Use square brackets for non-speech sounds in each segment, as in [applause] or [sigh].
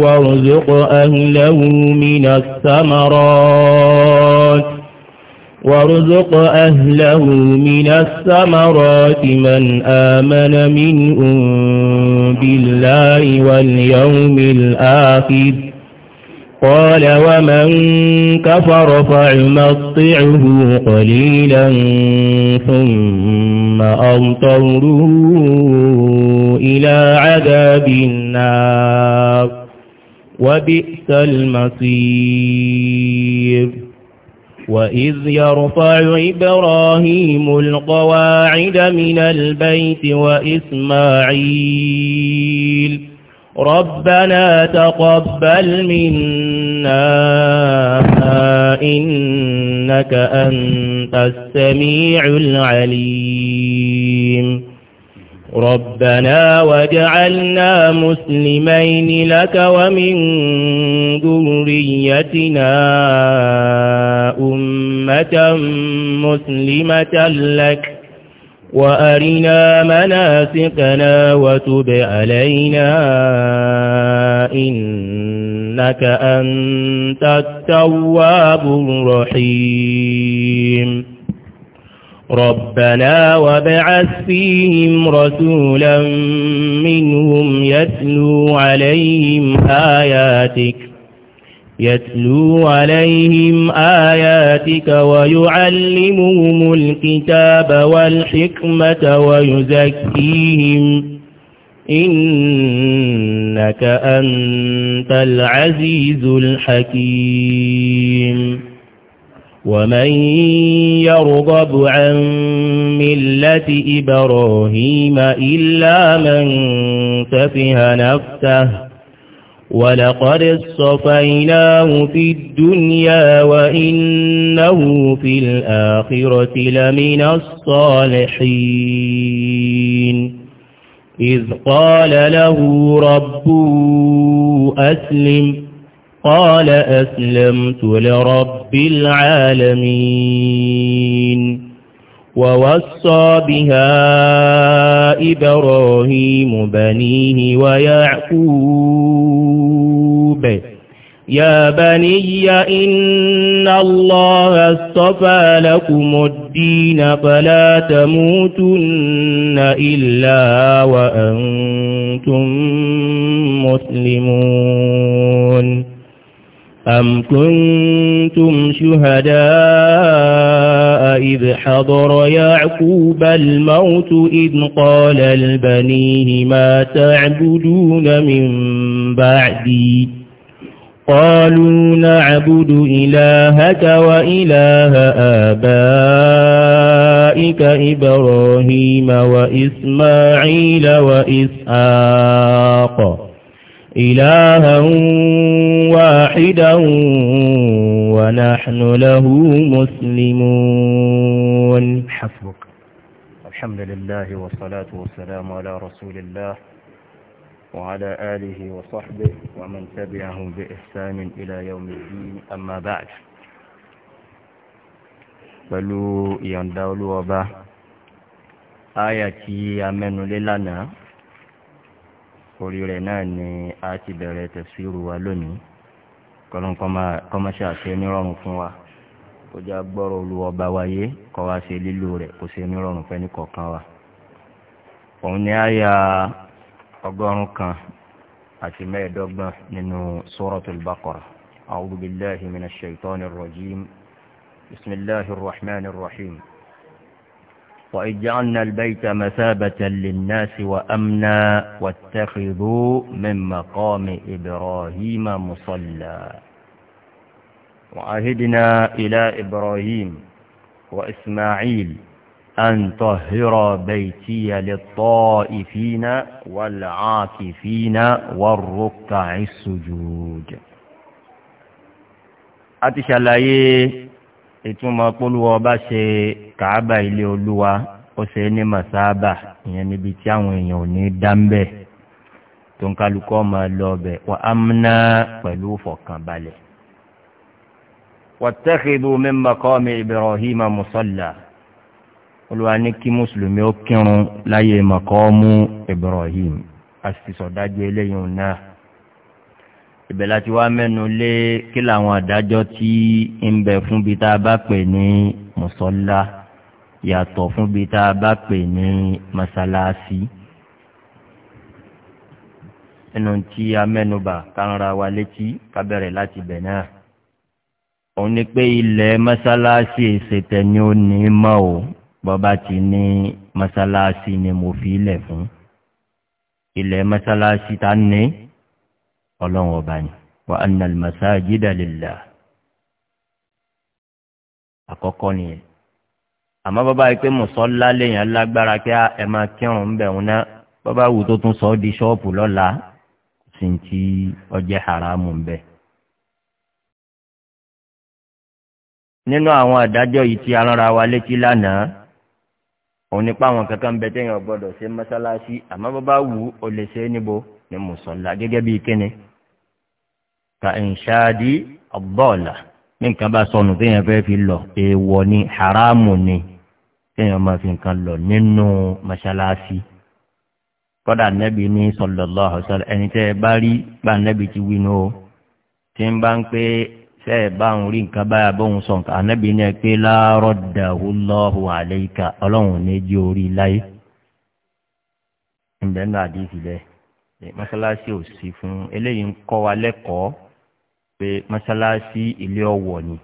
وارزق أهله من الثمرات وارزق أهله من الثمرات من آمن منهم بالله واليوم الآخر قال ومن كفر فعمطعه قليلا ثم ثم أمطره إلى عذاب النار وبئس المصير وإذ يرفع إبراهيم القواعد من البيت وإسماعيل ربنا تقبل منا إنا إنك أنت السميع العليم ربنا وجعلنا مسلمين لك ومن ذريتنا أمة مسلمة لك وأرنا مناسكنا وتب علينا إنك أنت التواب الرحيم ربنا وابعث فيهم رسولا منهم يتلو عليهم آياتك يتلو عليهم آياتك ويعلمهم الكتاب والحكمة ويزكيهم إنك أنت العزيز الحكيم ومن يرغب عن ملة إبراهيم إلا من تفه نفسه ولقد اصطفيناه في الدنيا وإنه في الآخرة لمن الصالحين إذ قال له ربه أسلم قال أسلمت لرب العالمين ووصى بها إبراهيم بنيه ويعقوب يا بني إن الله اصطفى لكم الدين فلا تموتن إلا وأنتم مسلمون أم كنتم شهداء إذ حضر يعقوب الموت إذ قال البنيه ما تعبدون من بعدي قالوا نعبد إلهك وإله آبائك إبراهيم وإسماعيل وإسحاق إلها واحدا ونحن له مسلمون حسبك الحمد لله والصلاة والسلام على رسول الله وعلى آله وصحبه ومن تبعهم بإحسان إلى يوم الدين أما بعد pẹ̀lú ìyọ̀ǹda olúwọba áyà tí a mẹ́nulé lánàá orí rẹ̀ náà ni a ti bẹ̀rẹ̀ tẹ̀síru wa lónìí kọ́mọ́ṣà ṣe nírọ̀rùn fún wa kó já gbọ́rọ̀ olúwọba wáyé kọ́ wa ṣe lílò rẹ̀ kó ṣe nírọ̀rùn fẹ́ni kọ̀ọ̀kan wa òun ni áyà ọgọ́rùn kan àti mẹ́ẹ̀ẹ́dọ́gbọ̀n nínú suratul baqara a'udhu billahi minash shaitanir rajim bismillahir rahmanir rahim وإذ جعلنا البيت مثابة للناس وأمنا واتخذوا من مقام إبراهيم مصلى وعهدنا إلى إبراهيم وإسماعيل أن طهر بيتي للطائفين والعاكفين والركع السجود àti ṣàlàyé ìtumọ̀ polówó ọba ṣe kàábà ilé olúwa ó ṣe ní masaba ìyẹn níbi tí àwọn èèyàn ò ní dáńbẹ̀ tó ń kálukọ́ máa lọ ọbẹ̀ wà á múná pẹ̀lú fọ̀kànbalẹ̀. wàtẹ́kìdù mímọ́kọ́ mi ibrahim musalla olúwa ní kí mùsùlùmí ó kírun láyé mọ̀kọ́mú ibrahim àṣìṣọ̀dájú eléyìí náà ìbẹ̀ láti wá mẹ́nu lé kí làwọn àdájọ́ tí ń bẹ fún bí tá a bá pè ní mùsọ́lá yàtọ̀ fún bí tá a bá pè ní mọ́sálásí nínú tí a mẹ́nuba kánra wa létí kábẹ̀rẹ̀ láti bẹ̀ náà òun ni pé ilẹ̀ mọ́sálásí èsètẹ̀ ni ó ní mọ́ o bọ́ba ti ní mọ́sálásí ni mo fi ilẹ̀ fún ilẹ̀ mọ́sálásí ta ní ọlọ́run ọba ni wa anna al-masajida lillah àkọ́kọ́ nìyẹn àmọ́ bọ́bá yìí pé mùsọ́lá lèèyàn lágbára kí ẹ máa kírun bẹ̀ wọn náà bọ́bá wù tó tún sọ ọ́ di ṣọ́ọ̀pù lọ́la sì ti ọjẹ́ haramu bẹ́ẹ̀. nínú àwọn àdájọ́ yìí tí alára wa létí lánàá òun nípa àwọn kankan bẹ tẹ́yìn ọgbọ́dọ̀ ṣe mọ́sálásí àmọ́ bó bá wù ó lè ṣe é níbo ní mùsọ̀lá gẹ́gẹ́ bíi kíni ka ìṣáàdì ọ̀bọ̀ọ̀là ní nǹkan bá sọnù téèyàn fẹ́ fi lọ èèwọ̀ ni haramu ni téèyàn máa fi nǹkan lọ nínú mọ́sálásí kọ́dà nẹ́bi ní sọ̀lọ́lọ́ ọ̀sán ẹni tẹ́ ẹ bá rí gbà nẹ́bi ti wí ní o tí ń bá ń pé ṣe é bá òun rí nǹkan báyà bóun sọ nǹkan ànábì ní ẹ pé láàárọ̀ dàrú lọ́hùn àlẹ́yìká ọlọ́run ní jí orí láyé ǹjẹ́ náà àdìsí bẹ́ẹ̀ mọ́ṣáláṣí ò sí fún eléyìí ń kọ́ wa lẹ́kọ̀ọ́ pé mọ́ṣáláṣí ilé ọ̀wọ̀ ni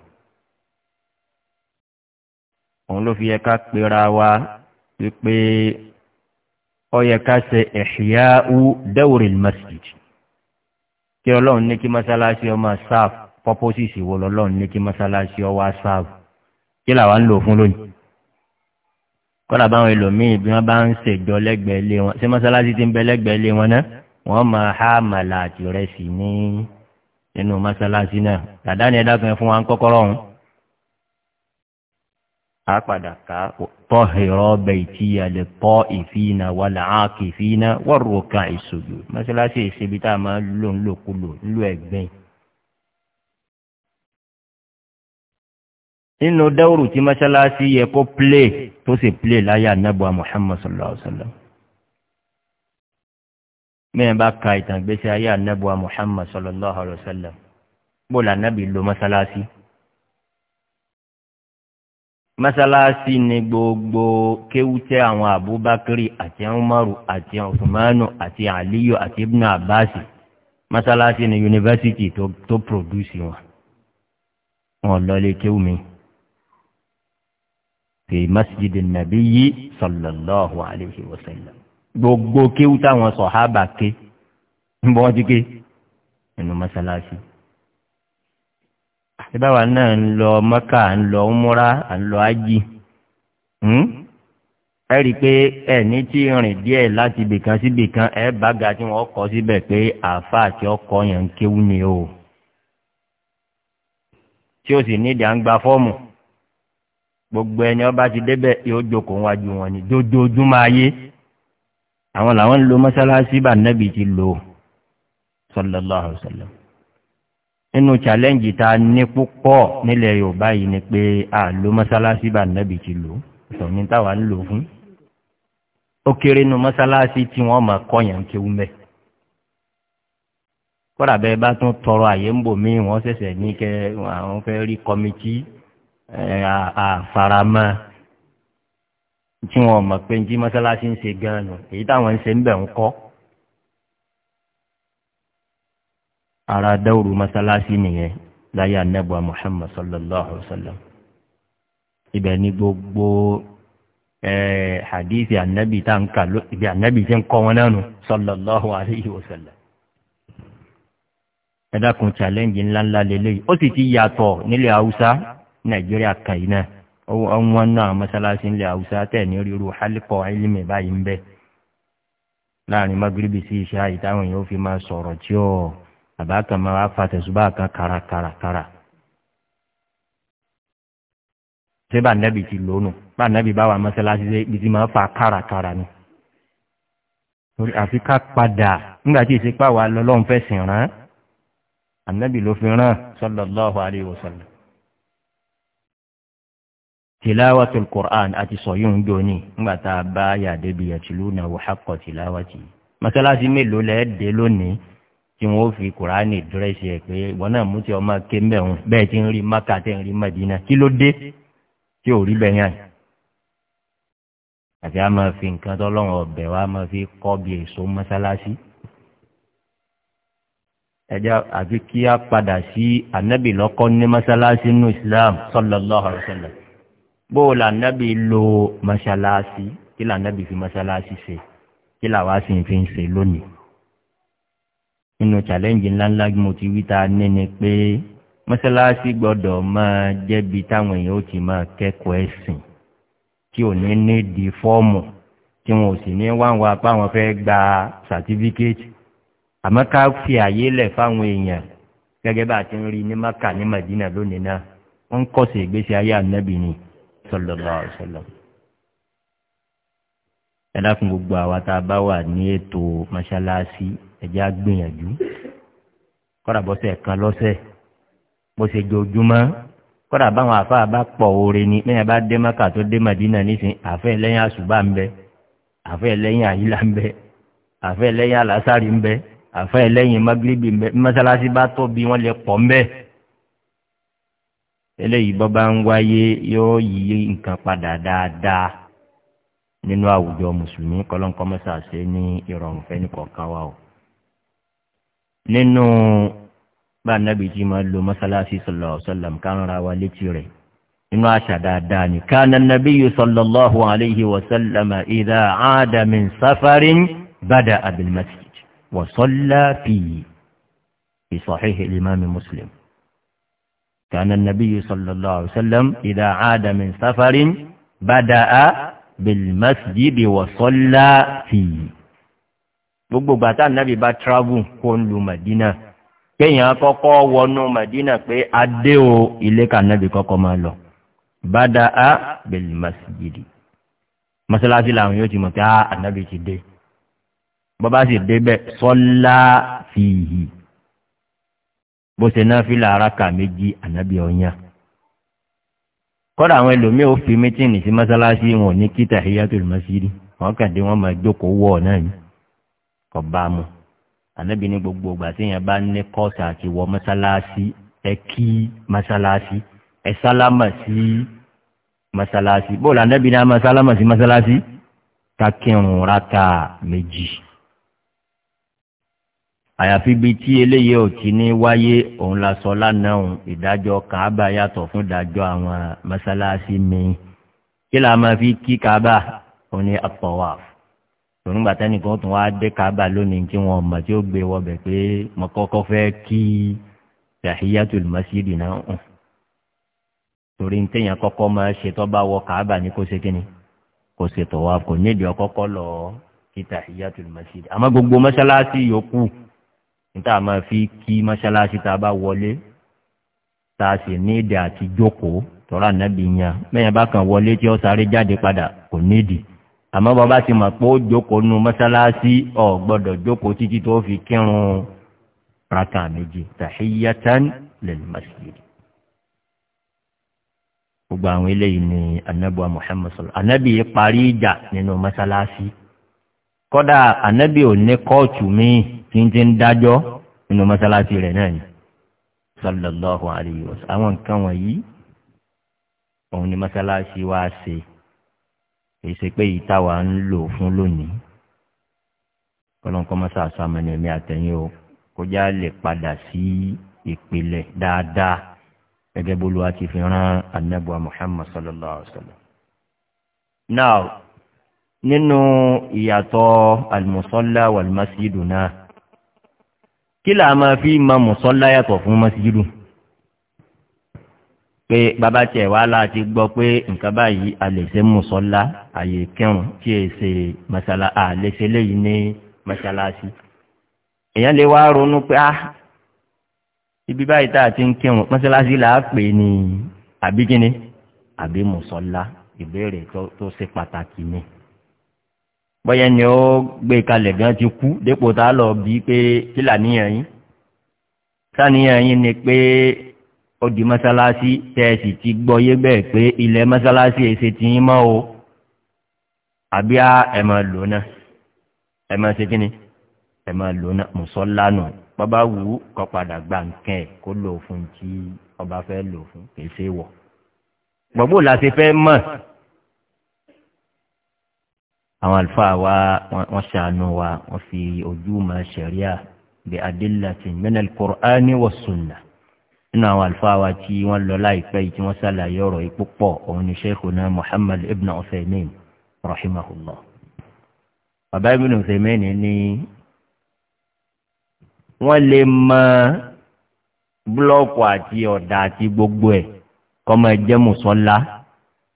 òun ló fi yẹ ká pera wa wípé ọ yẹ ká ṣe ẹ̀ṣìyá dẹ́wòrè masjid kí ọlọ́run ní kí mọ́ṣáláṣí ọmọ sáfù pọ́pọ́sìsì wo lọ́lọ́run ní kí mọ́sálásí ọwọ́ aṣáàbù kí làwa ń lò fún lónìí kọ́lá báwọn ẹlòmíì bí wọ́n bá ń ṣèjọ lẹ́gbẹ̀ẹ́ lé wọn ṣé mọ́sálásí ti ń bẹ lẹ́gbẹ̀ẹ́ lé wọn náà wọ́n máa há màlà àti rẹ̀ sí ní nínú mọ́sálásí náà dàdá ni ẹ̀dá kan fún wa ń kọ́kọ́rọ́ ọ̀hún. a padà ká tọ́hìrọ́ bẹ̀ tí a lè tọ́ ìfínà wà láàkì ìfínà wọ́n rò ká ìṣòjò mọ́sálásí ìṣèbí tá a máa lò ńlòkulò ńlò ẹ̀gbẹ́yìn nínú dáwòrò tí mọ́ṣáláṣí yẹ kó plé tó sì plé láyé anábọ̀ muhammad sallallahu alayhi wa sallam mẹ́rin bá ka ìtàn gbèsè ayé anábọ̀ muhammad sallallahu alayhi wa sallam bó la nábì lo mọ́ṣáláṣí mọ́ṣáláṣí ni gbogbo kéwútẹ́ àwọn abubakar àti umaru àti usmanu àti aliyu àti ibnu abbas mọ́ṣáláṣí ni yunifásitì tó tó pòdúsì wọn wọn lọ lè kéwù mi fi masjidi nabiyyi sallallahu alayhi wa sallam gbogbo kéwú táwọn sọ̀hábà ké níbo wọ́n ti ké nínú mọ́sálásí. àtibáwa náà ń lọ mọ́kà ń lọ múra ń lọ ájì hmm? ẹ rí i pé ẹ ní tí rìn díẹ̀ láti ibìkan sí ibìkan ẹ bága tí wọ́n kọ́ síbẹ̀ pé àáfàá àti ọkọ̀ yẹn ń kéwú ni o tí ó sì nídìí à ń gba fọ́ọ̀mù gbogbo ẹni ọba ti débẹ̀ yóò jókòó wájú wọn ni dójoojúmọ́ ayé àwọn làwọn ń lo mọ́sálásí bá nẹ́bí ti lò sallallahu alayhi wa sallam nínú challenge ta ní púpọ̀ nílẹ̀ yorùbá yìí ni pé a lo mọ́sálásí bá nẹ́bí ti lò sọ̀rọ̀ táwa ń lò fún ó kéré nu mọ́sálásí tí wọ́n máa kọ́yàn kéwú mẹ́ kọ́dà bẹ́ẹ̀ bá tún tọrọ àyè ń bò mí wọ́n ṣẹ̀ṣẹ̀ ní kẹ́ àwọn fẹ́ rí kọ́mítì àfaramọ́ tí wọn mọ̀ pé njí mọ́sálásí ń ṣe gan-an nù èyí táwọn ń ṣe ń bẹ̀ ń kọ́. ara dáwùrú mọ́sálásí nìyẹn láyé anábọ̀ muhammed sallallahu alayhi wa sallam ibẹ̀ ni gbogbo hadithi anabi tá n kà ibi anabi ti ń kọ́ wọn lẹ́nu sallallahu Alaihi wa sallam. ẹ dákun challenge ńláńlá lélẹ́yìí ó sì ti yàtọ̀ nílẹ̀ haúsá nàìjíríà kan yìí náà ọ̀wọ́n náà mọ́sálásí ńlẹ̀ haúsá tẹ̀ ní ríru hálíkọ̀ ẹlẹ́mẹ̀ báyìí ń bẹ láàrin magrebi sí iṣẹ́ àyè táwọn èèyàn fi máa sọ̀rọ̀ tí ó bàbá kan máa wá fa tẹ̀sùbá kan kàràkàràkàrà. ṣé bá nẹ́bì ti lónù bá nẹ́bì bá wà mọ́sálásí ṣe ibi tí máa fa kàràkàrà ni. torí àfi ká padà nígbà tí ìsepá wa lọ́lọ́run fẹ́ rán ànẹ́bì ló fi rán sọ́lọ́lọ́hu tilawatul qur'an àti sọ̀yún doni ńgbà tá a bá yàdé bi yatiluna wò haqqo tilawati masalasi mélòó lẹ dé lónìí tí wọn fi qur'ani dírẹ́sì ẹ pé wọn náà mú tí ọmọ ké mbẹ́hùn bẹ́ẹ̀ ti ń rí maka tẹ́ ń rí madina kí ló dé tí ò rí bẹ́ẹ̀ yàn. àti a máa fi nǹkan tọ́lọ́wọ́n ọbẹ̀ wa máa fi kọ́ bí èso masalasi. ẹja àfi kí a padà sí anabi lọ́kọ́ ní masalasi nù islam sallallahu alayhi wa bó la là lo masalasi kí là nábì fi mọ́ṣáláṣí ṣe kí làwa sì fi ń lónìí. nínú challenge ńláńlá mo ti wí ta ní ni pé mọ́ṣáláṣí gbọ́dọ̀ máa jẹ́bi táwọn èèyàn ó ti máa kẹ́kọ̀ọ́ ẹ̀sìn tí ò ní ní di fọ́ọ̀mù tí wọn ò sì ní wá wọn apá wọn fẹ́ gba sàtífíkẹ́tì àmọ́ ká fi àyè lẹ̀ fáwọn èèyàn gẹ́gẹ́ bá a ti ń rí ní maka ní madina lónìí náà wọ́n ń kọ́sẹ̀ ìgbésí ayé ànábì ni sallallahu alaihi wasallam. ẹ dákun gbogbo àwa tá a bá wà ní ètò mọ́ṣáláṣí ẹ̀já gbìyànjú kọ́dà bọ́sẹ̀ kan lọ́sẹ̀ bó ṣe jojúmọ́ kọ́dà báwọn àfáà bá pọ̀ oore ni lẹ́yìn bá dé mọ́kà tó dé màdínà nísìnyí àfẹ́ lẹ́yìn àṣùbà ń bẹ àfẹ́ lẹ́yìn àyílà ń bẹ àfẹ́ lẹ́yìn àlásàrì ń bẹ àfẹ́ lẹ́yìn magrebi ń bẹ mọ́ṣáláṣí bá tóbi wọ́n lè pọ̀ ń bẹ́ẹ̀ eléyìí bọ́ bá ń wáyé yóò yí nǹkan padà dáadáa nínú àwùjọ mùsùlùmí kọ́lọ́nkọ́mọ́sà ṣe ní ìrọ̀rùn fẹ́ nìkọ̀ọ̀kan wa o. nínú bá anábì tí máa lo mọ́sálásí sọ̀lọ̀ sọ̀lọ̀m kárànra wa létí rẹ̀ nínú àṣà dáadáa ni kánà nàbí yìí sọ̀lọ̀lọ́hu aláìhí wasálàmà ìdá ádámì sáfárín bàdà abdulmasjid wọ́sọ́lá fìyì ìsọ̀híhì ìmáàmì mùsùlùmí. كان النبي صلى الله عليه وسلم إذا عاد من سفر بدأ بالمسجد وصلى فيه gbogbo gbàtà nàbì bá travel kó ń lu madina kéèyàn kọ́kọ́ wọnú madina pé adé o ilé ka nàbì kọ́kọ́ máa lọ bàdà á bẹ̀lì masjidi masalasi làwọn yóò ti mọ̀ pé á ah, ànàbì ti dé bọ́bá sì débẹ̀ sọ́lá fìhì bó ṣe náà fi làárà kà méjì ànábì ọ̀yàn kọ́dà àwọn ẹlòmíì ò fi mítìnì sí mọ́sálásí wọn ò ní kíta ìyá tó lè mọ́ sí rí wọn kàn dé wọn máa jókòó wọ̀ náà ni kò mu ànábì ní gbogbo ìgbà tí èèyàn bá ní kọ́ọ̀sì àti wọ mọ́sálásí ẹ kí mọ́sálásí ẹ sálámà sí mọ́sálásí bó làǹdẹ́bí ní a sí mọ́sálásí ká kírun rákà méjì àyàfi bíi tí eléyìí ò ti ní wáyé òun la sọ lánàá òun ìdájọ́ kàába yàtọ̀ fún ìdájọ́ àwọn mọ́sálásí mi-ín kí la máa fi kí kàába òun ni àpọ̀wà tònígbà tẹ́nìkan tún wá dé kàába lónìí tí wọ́n mọ̀ tí ó gbé wọbẹ̀ pé mo kọ́kọ́ fẹ́ kí yàhíyàtò lùmọ́sídì náà hàn torí ní téèyàn kọ́kọ́ máa ṣe bá wọ kàába ní kó ṣe kíni kó ṣe tọ̀wá kò nídìí ọkọ́kọ́ lọ kí yàhíyàtò lùmọ́sídì àmọ́ gbogbo mọ́sálásí yòókù níta máa fi kí mọ́ṣáláṣí tá a bá wọlé tá a sì ní èdè àti jókòó tọ́ra nàbì yan mẹ́yìn bá kàn wọlé tí ó sáré jáde padà kò nídìí àmọ́ bọ́ bá ti mọ̀ pé ó jókòó nu mọ́ṣáláṣí ọ̀ gbọ́dọ̀ jókòó títí tó fi kírun raka méjì tàhíyátán lẹ́nu mọ́ṣáláṣí. gbogbo àwọn eléyìí ni anabi muhammed sọlọ anabi parí ìjà nínú mọ́ṣáláṣí kọ́dà anabi ò ní kóòtù míì tí ń ti ń dájọ́ nínú mọ́sálásí rẹ̀ náà ni sallallahu alayhi wa sallam àwọn nǹkan wọ̀nyí òun ni mọ́sálásí wa ṣe èyí ṣe pé yìí táwa ń lò fún lónìí kọ́lọ́nkọ́ mọ́sá àsámẹ́ni ẹ̀mí àtẹ̀yìn o kó já lè padà sí ìpìlẹ̀ dáadáa gẹ́gẹ́ bó lu àti fi rán anábọ̀ muhammad sallallahu alayhi wa now nínú ìyàtọ̀ alimusọ́lá wàlúmásídùú náà kí là máa fi ma mùsọ́lá yàtọ̀ fún mọ́síjúdù pé bàbá tiẹ̀ wá láti gbọ́ pé nǹkan báyìí a lè ṣe mùsọ́lá àyè kẹrùn tí è ṣe masala a lè ṣe léyìí ní masalasi èèyàn lè wá ronú pé ah ibi báyìí tá a ti ń kẹrùn masalasi là á pè ní àbí kíni àbí mùsọ́lá ìbéèrè tó ṣe pàtàkì ni bọ́yẹ́ ni ó gbé kalẹ̀ gan ti kú dépò tá a lọ bí pé kí làníyàn yín sàníyàn yín ni pé ó di mọ́sálásí tẹ́ ẹ sì ti gbọ́ yé bẹ́ẹ̀ pé ilẹ̀ mọ́sálásí èsè ti yín mọ́ o àbí a ẹ̀ máa lò náà ẹ̀ máa ṣe kí ni ẹ̀ máa lò náà mùsọ́lá nù bàbá wù kọ́ padà gba nǹkan ẹ̀ kó lò fún tí ọba fẹ́ lò fún kèsè wọ̀ gbọ́gbó la fẹ́ mọ̀ àwọn àlùfáà wa wọ́n ṣàánú wa wọ́n fi ojú ma ṣẹ̀ríà bí adélàtì mẹ́nà kùránì wọ̀ sùnà nínú àwọn àlùfáà wa tí wọ́n lọ láìpẹ́ yìí tí wọ́n ṣàlàyé ọ̀rọ̀ yìí púpọ̀ òun ni sheikhuna muhammad ibn ọ̀fẹ̀mín rahimahullah bàbá ibn ọ̀fẹ̀mín ni wọ́n lè mọ búlọ́ọ̀kù àti ọ̀dà àti gbogbo ẹ̀ kọ́ máa jẹ́ mùsọ́lá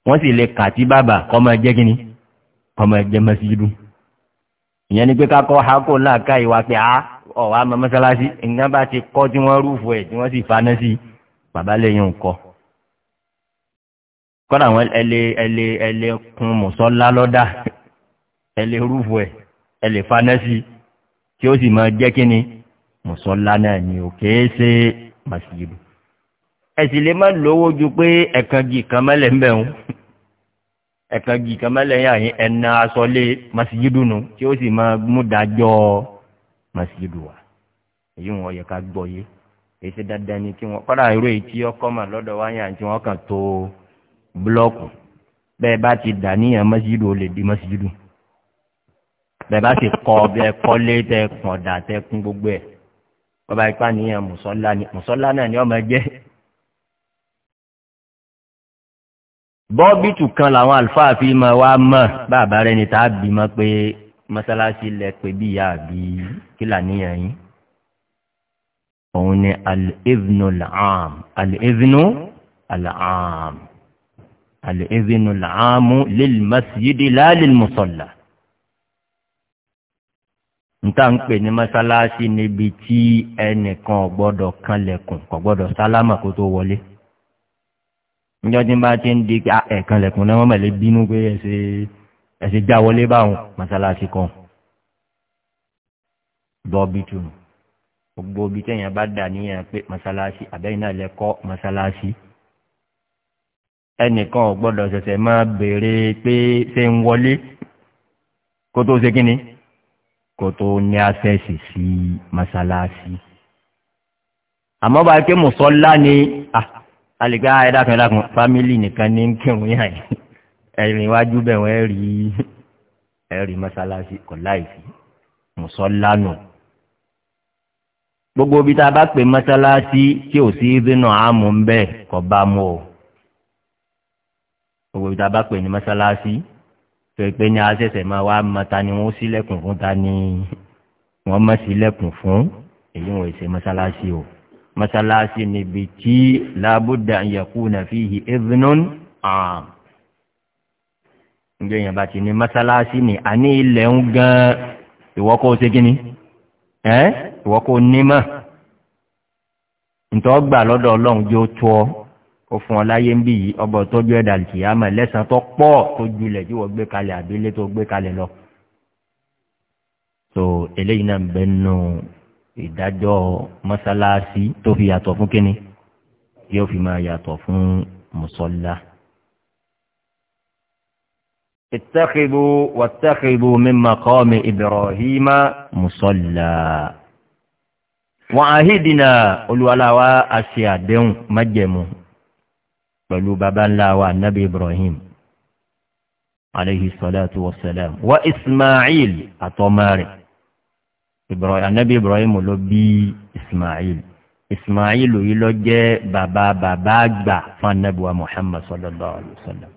wọ́n sì lè kà bàbà kọ́ máa jẹ́ kínní ọmọ ẹ̀jẹ̀ mẹ́sìlú ìyẹn ni pé kakọ́ hako láàka ìwà pé a ọ̀wá ma mọ́sálásí nǹkan bá ti kọ́ tí wọ́n rúfu ẹ̀ tí wọ́n sì faná sí bàbá lẹ́yìn ńkọ́ kọ́dà àwọn ẹlẹ́ ẹlẹ́ ẹlẹ́ kun mùsọ́lá lọ́dà ẹlẹ́ rúfu ẹ̀ ẹlẹ́ faná sí tí ó sì máa jẹ́ kí ni mùsọ́lá náà ni ò kéé ṣe màsílù ẹ̀sìn lè má lówó ju pé ẹ̀kan gì kan mẹ́lẹ̀ ń bẹ̀ ń ẹ̀kan gì kan mẹ́lẹ̀yìn àyín ẹ̀nà asọ́lé masijidu nu tí ó sì máa mú dájọ́ masijidu wa èyí wọn yẹ ká gbọ́ yé èyí ṣe dandan ni kí wọn kọ́ra irú èyí tí ọkọ mà lọ́dọ̀ wáyé àti wọn kàn tó búlọ́ọ̀kù bẹ́ẹ̀ bá ti dà níyàn masijidu ó lè di masijidu bẹ́ẹ̀ bá ti kọ́ bẹ́ẹ̀ kọ́lé tẹ kàn dà tẹ kún gbogbo ẹ̀ bọ́ba ipá níyàn mùsọ́lá náà ni ọmọ bọ́bítù kan làwọn àlùfáà fi mọ wá mọ̀ bàbá rẹ ni tá a bímọ pé mọ́sálásí lẹ pé bí ìyá àbí kílà níyàn yín òun ni al-ibnu al-am al-ibnu al-am al-ibnu al-am lil-masjidi la lil-musalla nta ń pè ní mọ́sálásí níbi tí ẹnìkan ò kanlẹ̀kùn kò sálámà kó tó wọlé níjọ́ tí ń bá ti ń di ah, ẹ̀ẹ̀kan lẹ̀kùn náà wọ́n mẹ̀lẹ́ bínú pé ẹ̀sìn já wọlé báwọn mọ́sálásí kan bọ́ọ̀bì tù gbogbo ibi tẹ̀yìn bá dà níyàn pé mọ́sálásí àbẹ́yìn náà lẹ kọ́ mọ́sálásí ẹnìkan ò gbọ́dọ̀ ṣẹ̀ṣẹ̀ máa béèrè pé ṣé ń wọlé kó tó ṣe kíni kó tó ní àṣẹ̀ṣì sí mọ́sálásí àmọ́ bá a ké mùsọ́lá ni. Ah, alìgbà ẹ̀dàkùn ẹ̀dàkùn fámílì nìkan ní kírun yàn [laughs] ẹ̀rìn iwájú bẹ̀rẹ̀ ẹ̀rí [laughs] ẹ̀rí mọ́sálásí kò láìsí mùsọ́lánù gbogbo bí tá a bá pè mọ́sálásí tí ò sí dínà àmú ń bẹ́ẹ̀ kọ́ bá mú o gbogbo bí tá a bá pè ní mọ́sálásí tó pé ní asẹ̀sẹ̀ máa wá mọ́ta ni wọ́n sílẹ̀kùn fún ta ni wọ́n mọ̀ sílẹ̀kùn fún èyí wọ́n ṣe mọ́sálásí o masalasi níbi tí lábúdà ń yẹ̀kú na fi hì ìdùnnún àm. ǹjẹ́ yẹn bá ti ní masalasi ni a ní ilẹ̀ ń gan ìwọ́kọ́ ṣe kíni ẹ́ ìwọ́kọ́ nímọ̀ ntọ́ gbà lọ́dọ̀ ọlọ́run jó tó ọ ó fún ọ láyé ń bì yìí ọbọ̀ tọ́jú ẹ̀dà kìámà lẹ́sàn-án tó pọ̀ tó julẹ̀ tí wọ́n gbé kalẹ̀ àbílẹ̀ tó so eléyìí náà ń bẹ́ẹ̀ No ìdájọ́ mọ́sálásí tó fi yàtọ̀ fún kínní yóò fi máa yàtọ̀ fún mùsọ́lá. اتخذوا واتخذوا من مقام إبراهيم مصلى وعهدنا olùwàláwà àṣẹ àdéhùn májẹ̀mú pẹ̀lú baba ńlá wa nabi ibrahim alayhi salatu wa salam wa ismail àtọ́mọ́ anabi ibrahim ló bí ismail ismail yìí ló jẹ́ bàbá bàbá àgbà fún anabiwa muhammad sallallahu alayhi wa sallam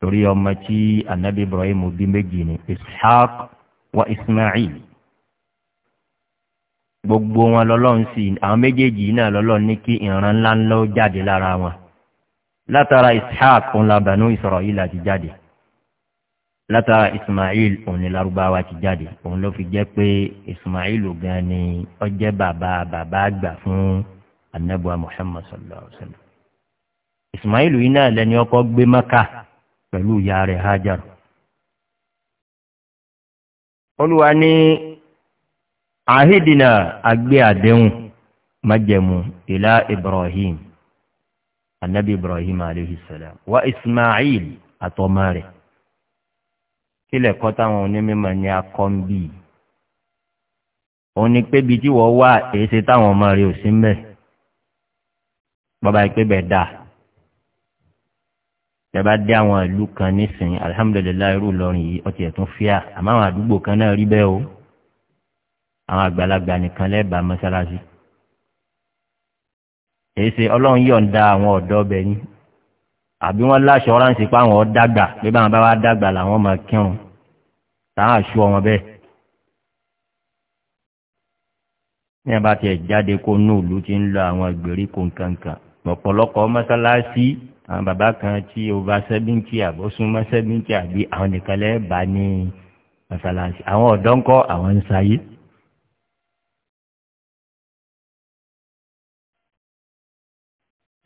torí ọmọ tí anabi ibrahim bí méjì ni ishaq wa ismail gbogbo wọn lọlọ́run sí àwọn méjèèjì náà lọlọ́run ní kí ìran ńláńlá ó jáde lára wọn látara ishaq ńlá bànú ìsọ̀rọ̀ yìí láti jáde látara ismail òun ni larubawa ti jáde òun ló fi jẹ́ pé ismail gan ni ó jẹ́ bàbá bàbá àgbà fún anabuwa muhammad sallallahu alaihi wa sallam ismail yìí náà lẹni ọkọ gbé maka pẹ̀lú ìyá rẹ̀ hajar olùwà ní ahidina agbe àdéhùn májẹ̀mú ilá ibrahim anabi ibrahim alayhi salam wa ismail àtọmọ rẹ̀ kílẹ̀ kọ́ táwọn onímọ̀ ní akọ́ńbì òun ni pé bíi tí wọ́n wá èyí ṣe táwọn ọmọ rẹ̀ ò sí mbẹ́ bàbá ìpè bẹ̀ dáa tẹ́bá dé àwọn ìlú kan nísìnyí alihamudulilayi irú lọ́rin yìí ọtí ẹ̀tún fíà àmọ́ àwọn àdúgbò kan náà rí bẹ́ẹ̀ o àwọn àgbàlagbà nìkan lẹ́ẹ̀bà mọ́ṣáláṣí èyí ṣe ọlọ́run yọ̀ǹda àwọn ọ̀dọ́ bẹ̀ ni àbí wọ́n láṣọ ránṣẹ́ pé àwọn dàgbà pé báwọn bá wá dàgbà làwọn máa kírun táwọn àṣọ wọn bẹ́ẹ̀. ní abá tiẹ̀ jáde kó ní òlu ti ń lọ àwọn ìgbèríko nkankan ọ̀pọ̀lọpọ̀ mọ́sálásí àwọn bàbá kan tí ova sẹ́bíǹtì àbọ̀súnmọ́ sẹ́bíǹtì àbí àwọn nìkan lẹ́ẹ̀ bá ní mọ́sálásí àwọn ọ̀dọ́ ńkọ́ àwọn ń sayé.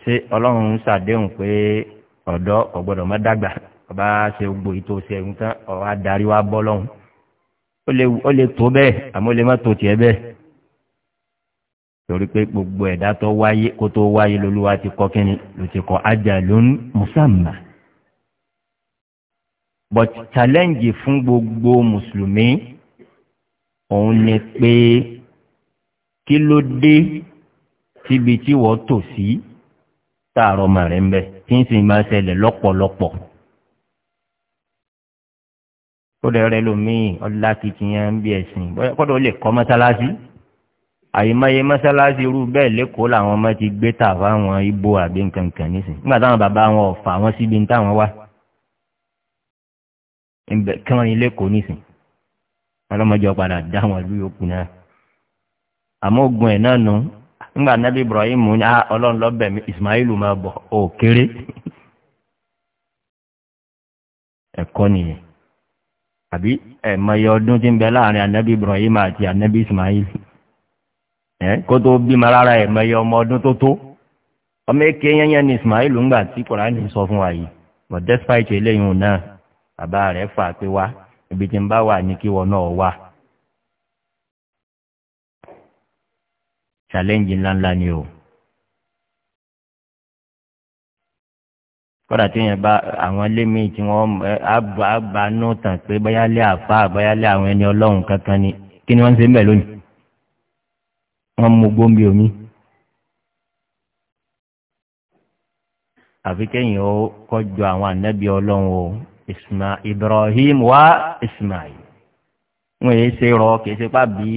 ṣé ọlọ́run ń ṣàdéhùn pé ọ̀dọ́ ọ̀gbọ́dọ̀ má dàgbà ọba ṣe gbogbo ètò ṣẹ́gun tán ọ̀rọ̀ adarí wa bọ́ lọ́hùn ó lè tó bẹ́ẹ̀ àmọ́ lè má tó tiẹ̀ bẹ́ẹ̀ torí pé gbogbo ẹ̀dá tó wáyé kó tó wáyé lolúwa ti kọ́ kínní ló ti kọ́ ajá lónú mùsàmà but challenge fún gbogbo mùsùlùmí òun ni pé kí ló dé síbi tí wọ́n tò sí. Si, táàrọ̀ ọmọ rẹ̀ ń bẹ̀ tí ń sì máa ṣẹlẹ̀ lọ́pọ̀lọpọ̀. kódà rẹ lómiì ọlá kìkìyàn ń bí ẹ̀sìn kódà ó lè kọ́ mọ́sálásí àyèmáyé mọ́sálásí irú bẹ́ẹ̀ lẹ́kọ̀ọ́ làwọn ọmọ ti gbé tà fáwọn ibo àbí nǹkan kan nísìn nígbà táwọn bàbá wọn ọ̀fà wọn síbi táwọn wá ìbẹ̀ kí wọ́n ní lẹ́kọ̀ọ́ nísìn ọlọ́mọdé ọ̀padà dá wọn lóyún òkú náà àmọ́ ogun ẹ̀ náà nù ńgbà nabi ibrahim ní ah, ọlọ́run lọ́bẹ̀ mi ismail ma bọ̀ ó kéré ẹ̀kọ́ nìyẹn àbí ẹ̀mọye ọdún tí ń bẹ láàrin anabi ibrahim àti anabi ismail ẹ kó tó bímọ rárá ẹ̀mọye ọmọ ọdún tó tó ọmọ èké yẹnyẹn ní ismail ńgbà tí sọ fún wa yìí but despite ibi tí ń bá wà ní kí challenge ńláńlá ni o. kọ́dà tí yẹn bá àwọn ilé míì tí wọ́n ba nù tàn pé bóyá lé àfa bóyá lé àwọn ẹni ọlọ́run kankan ni kí ni wọ́n ń ṣe ń lónìí wọ́n mú gbóǹbì omi. àfi kéèyàn ó kọjú àwọn ànábì ọlọ́run o isma ibrahim wa ismail wọn èyí ṣe rọ kèsì pa bí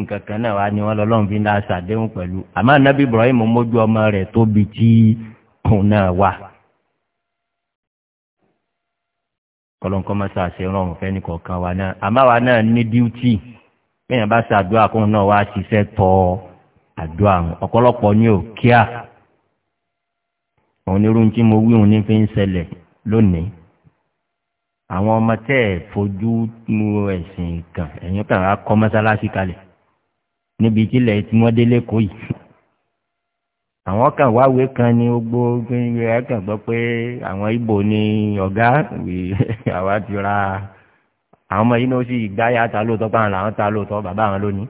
nǹkan kan náà wá ní wọn lọlọrun fi ń da ṣàdéhùn pẹlú àmọ anabi ibrahim mójú ọmọ rẹ tóbi tí òun náà wà. kọlọ́nkọ́ máa ṣàṣe rọrùn fẹ́ni kọ̀ọ̀kan wa náà àmọ́ wa náà ní díútì bẹ́ẹ̀ bá ṣàdúrà kóun náà wá ṣiṣẹ́ tọ́ àdúrà àwọn ọ̀pọ̀lọpọ̀ ní òkíà òun ní irú tí mo wí òun ní fi ń ṣẹlẹ̀ lónìí àwọn ọmọ tẹ́ ẹ̀ fojú nu ẹ̀sìn kan ẹ̀yìn kan á kọ́ mọ́sálásí kalẹ̀ níbi tílẹ̀ tí wọ́n délé kó yìí àwọn kan wáwé kan ní gbogbo gbẹ̀ngẹ̀ ẹ̀kan gbọ́ pé àwọn ibo ni ọ̀gá [laughs] àwa ti ra àwọn ọmọ yìí ní ó sì gbáyà ta lóòótọ́ báwọn làwọn ta lóòótọ́ bàbá àwọn lónìí.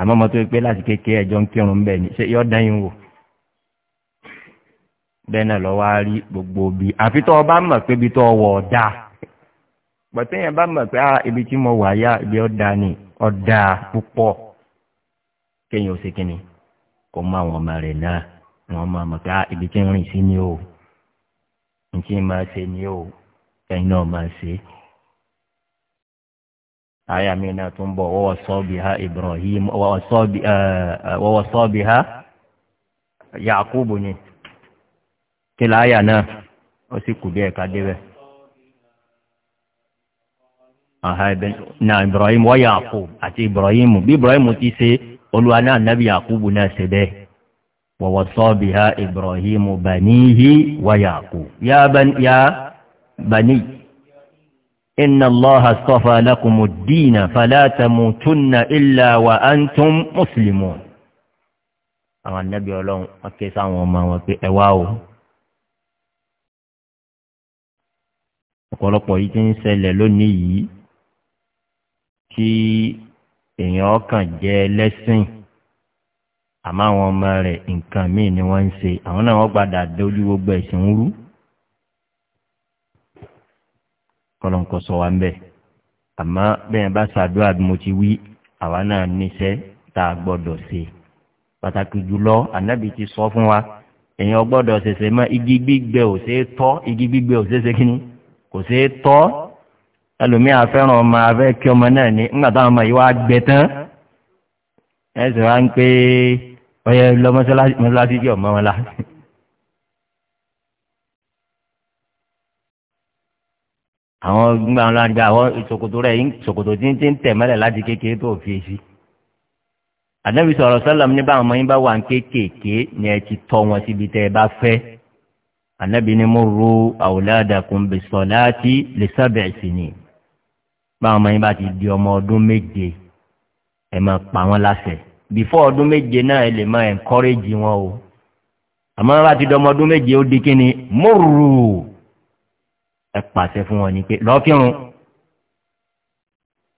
àmọ́ ọmọ tó pé láti kékeré ẹjọ́ ń kírun bẹ́ẹ̀ ni ṣé yọ́ dán yín wò. bẹ́ẹ̀ náà lọ́wọ́ rí gbogbo bi àfi tó ọba bá mọ̀ pé ibi tó o wọ̀ ọ́ bá mọ̀ ah, ibi tí mo wà yá ibi ọ̀dà ni ọ̀dà púpọ̀ kéèyàn ó ṣe kínni kó má wọn ọmọ rẹ̀ náà ah, ibi tí ń rìn sí ni o ntí máa ṣe ni o ẹ̀yin náà máa ṣe. mi náà tún kí láyà náà ó sì kù díẹ̀ ká débẹ̀. na ibrahim wọ́n yàkó àti ibrahim bí ibrahim ti ṣe olúwa náà nàbí yakubu náà ṣe bẹ́ẹ̀ wọ̀wọ̀ sọ́ọ̀bì ha ibrahim banihi wọ́n yàkó ya bani inna allaha sọ́fà lakumu dina falatamu tunna illa wa antum muslimun àwọn nàbí ọlọ́run wọ́n ké sáwọn ọmọ wọn pé ẹwà o. ọ̀pọ̀lọpọ̀ yìí ti ń ṣẹlẹ̀ lónìí yìí kí èèyàn kàn jẹ́ lẹ́sìn àmọ́ àwọn ọmọ rẹ̀ nǹkan míì ni wọ́n ń ṣe àwọn náà wọ́n padà dojú gbogbo ẹ̀sìn ń rú kọlọ́nkọ sọ wa ń bẹ̀ àmọ́ bẹ́ẹ̀ bá ṣàdúrà bí mo ti wí àwa náà níṣẹ́ tá a gbọ́dọ̀ ṣe pàtàkì jùlọ ànábì ti sọ fún wa èèyàn gbọ́dọ̀ ṣẹ̀ṣẹ̀ mọ́ igi gbígbẹ ò ṣe é tọ́ igi gbígbẹ ò ṣe é ṣe kínní kò sí tọ́ ẹlòmí àfẹ́ràn ọmọ afẹ́ kí ọmọ náà ní nígbà táwọn ọmọ yìí wá gbẹ tán ẹsẹ̀ wá ń pé ọyẹ lọ mọ́sálásí kí ọmọ wọn la. àwọn gbà wọn láti gba àwọn ìṣòkòtò rẹ ìṣòkòtò tí ń tẹ̀ mẹ́lẹ̀ láti kékeré tó fi èsì ànábì sọ̀rọ̀ sọ́lọ́m ní báwọn ọmọ yín bá wà ń kéékèèké ni ẹ ti tọ́ wọn síbi tẹ́ ẹ bá fẹ́ anabi ni mo ro àwòládàkùn bẹsọ láti lè sábẹ̀ sí ni báwọn ọmọ yín bá ti di ọmọ ọdún méje ẹ máa pa wọn láṣẹ bìfọ ọdún méje náà ẹ lè máa ẹnkọrẹjì wọn o àmọ́ bá ti dọmọ ọdún méje ó di kíni mo rò ẹ pàṣẹ fún wọn ni pé lọ́kírun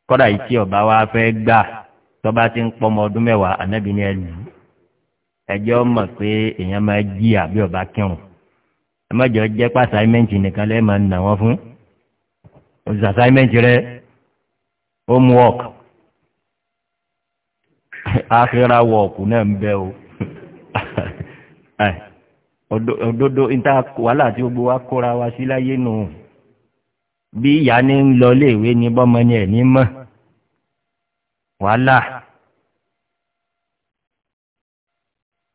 kọ́dà yìí tí ọba wa fẹ́ gbà tọ́ba ti ń pọ́mọ ọdún mẹ́wàá anabi ni ẹ lù ú pé èèyàn máa jí àbí ọba kírun ẹ má jọ assignment nìkan lẹ́ẹ̀ máa nà wọ́n fún òsì assignment rẹ homework akira wọ̀ọ̀kù náà ń bẹ́ o òdodo níta wàhálà tí gbogbo wa kóra wa sí láyé nù bí ìyá ní ń lọ léèwé ní bọ́mọ ni ẹ̀ ní mọ̀ wàhálà.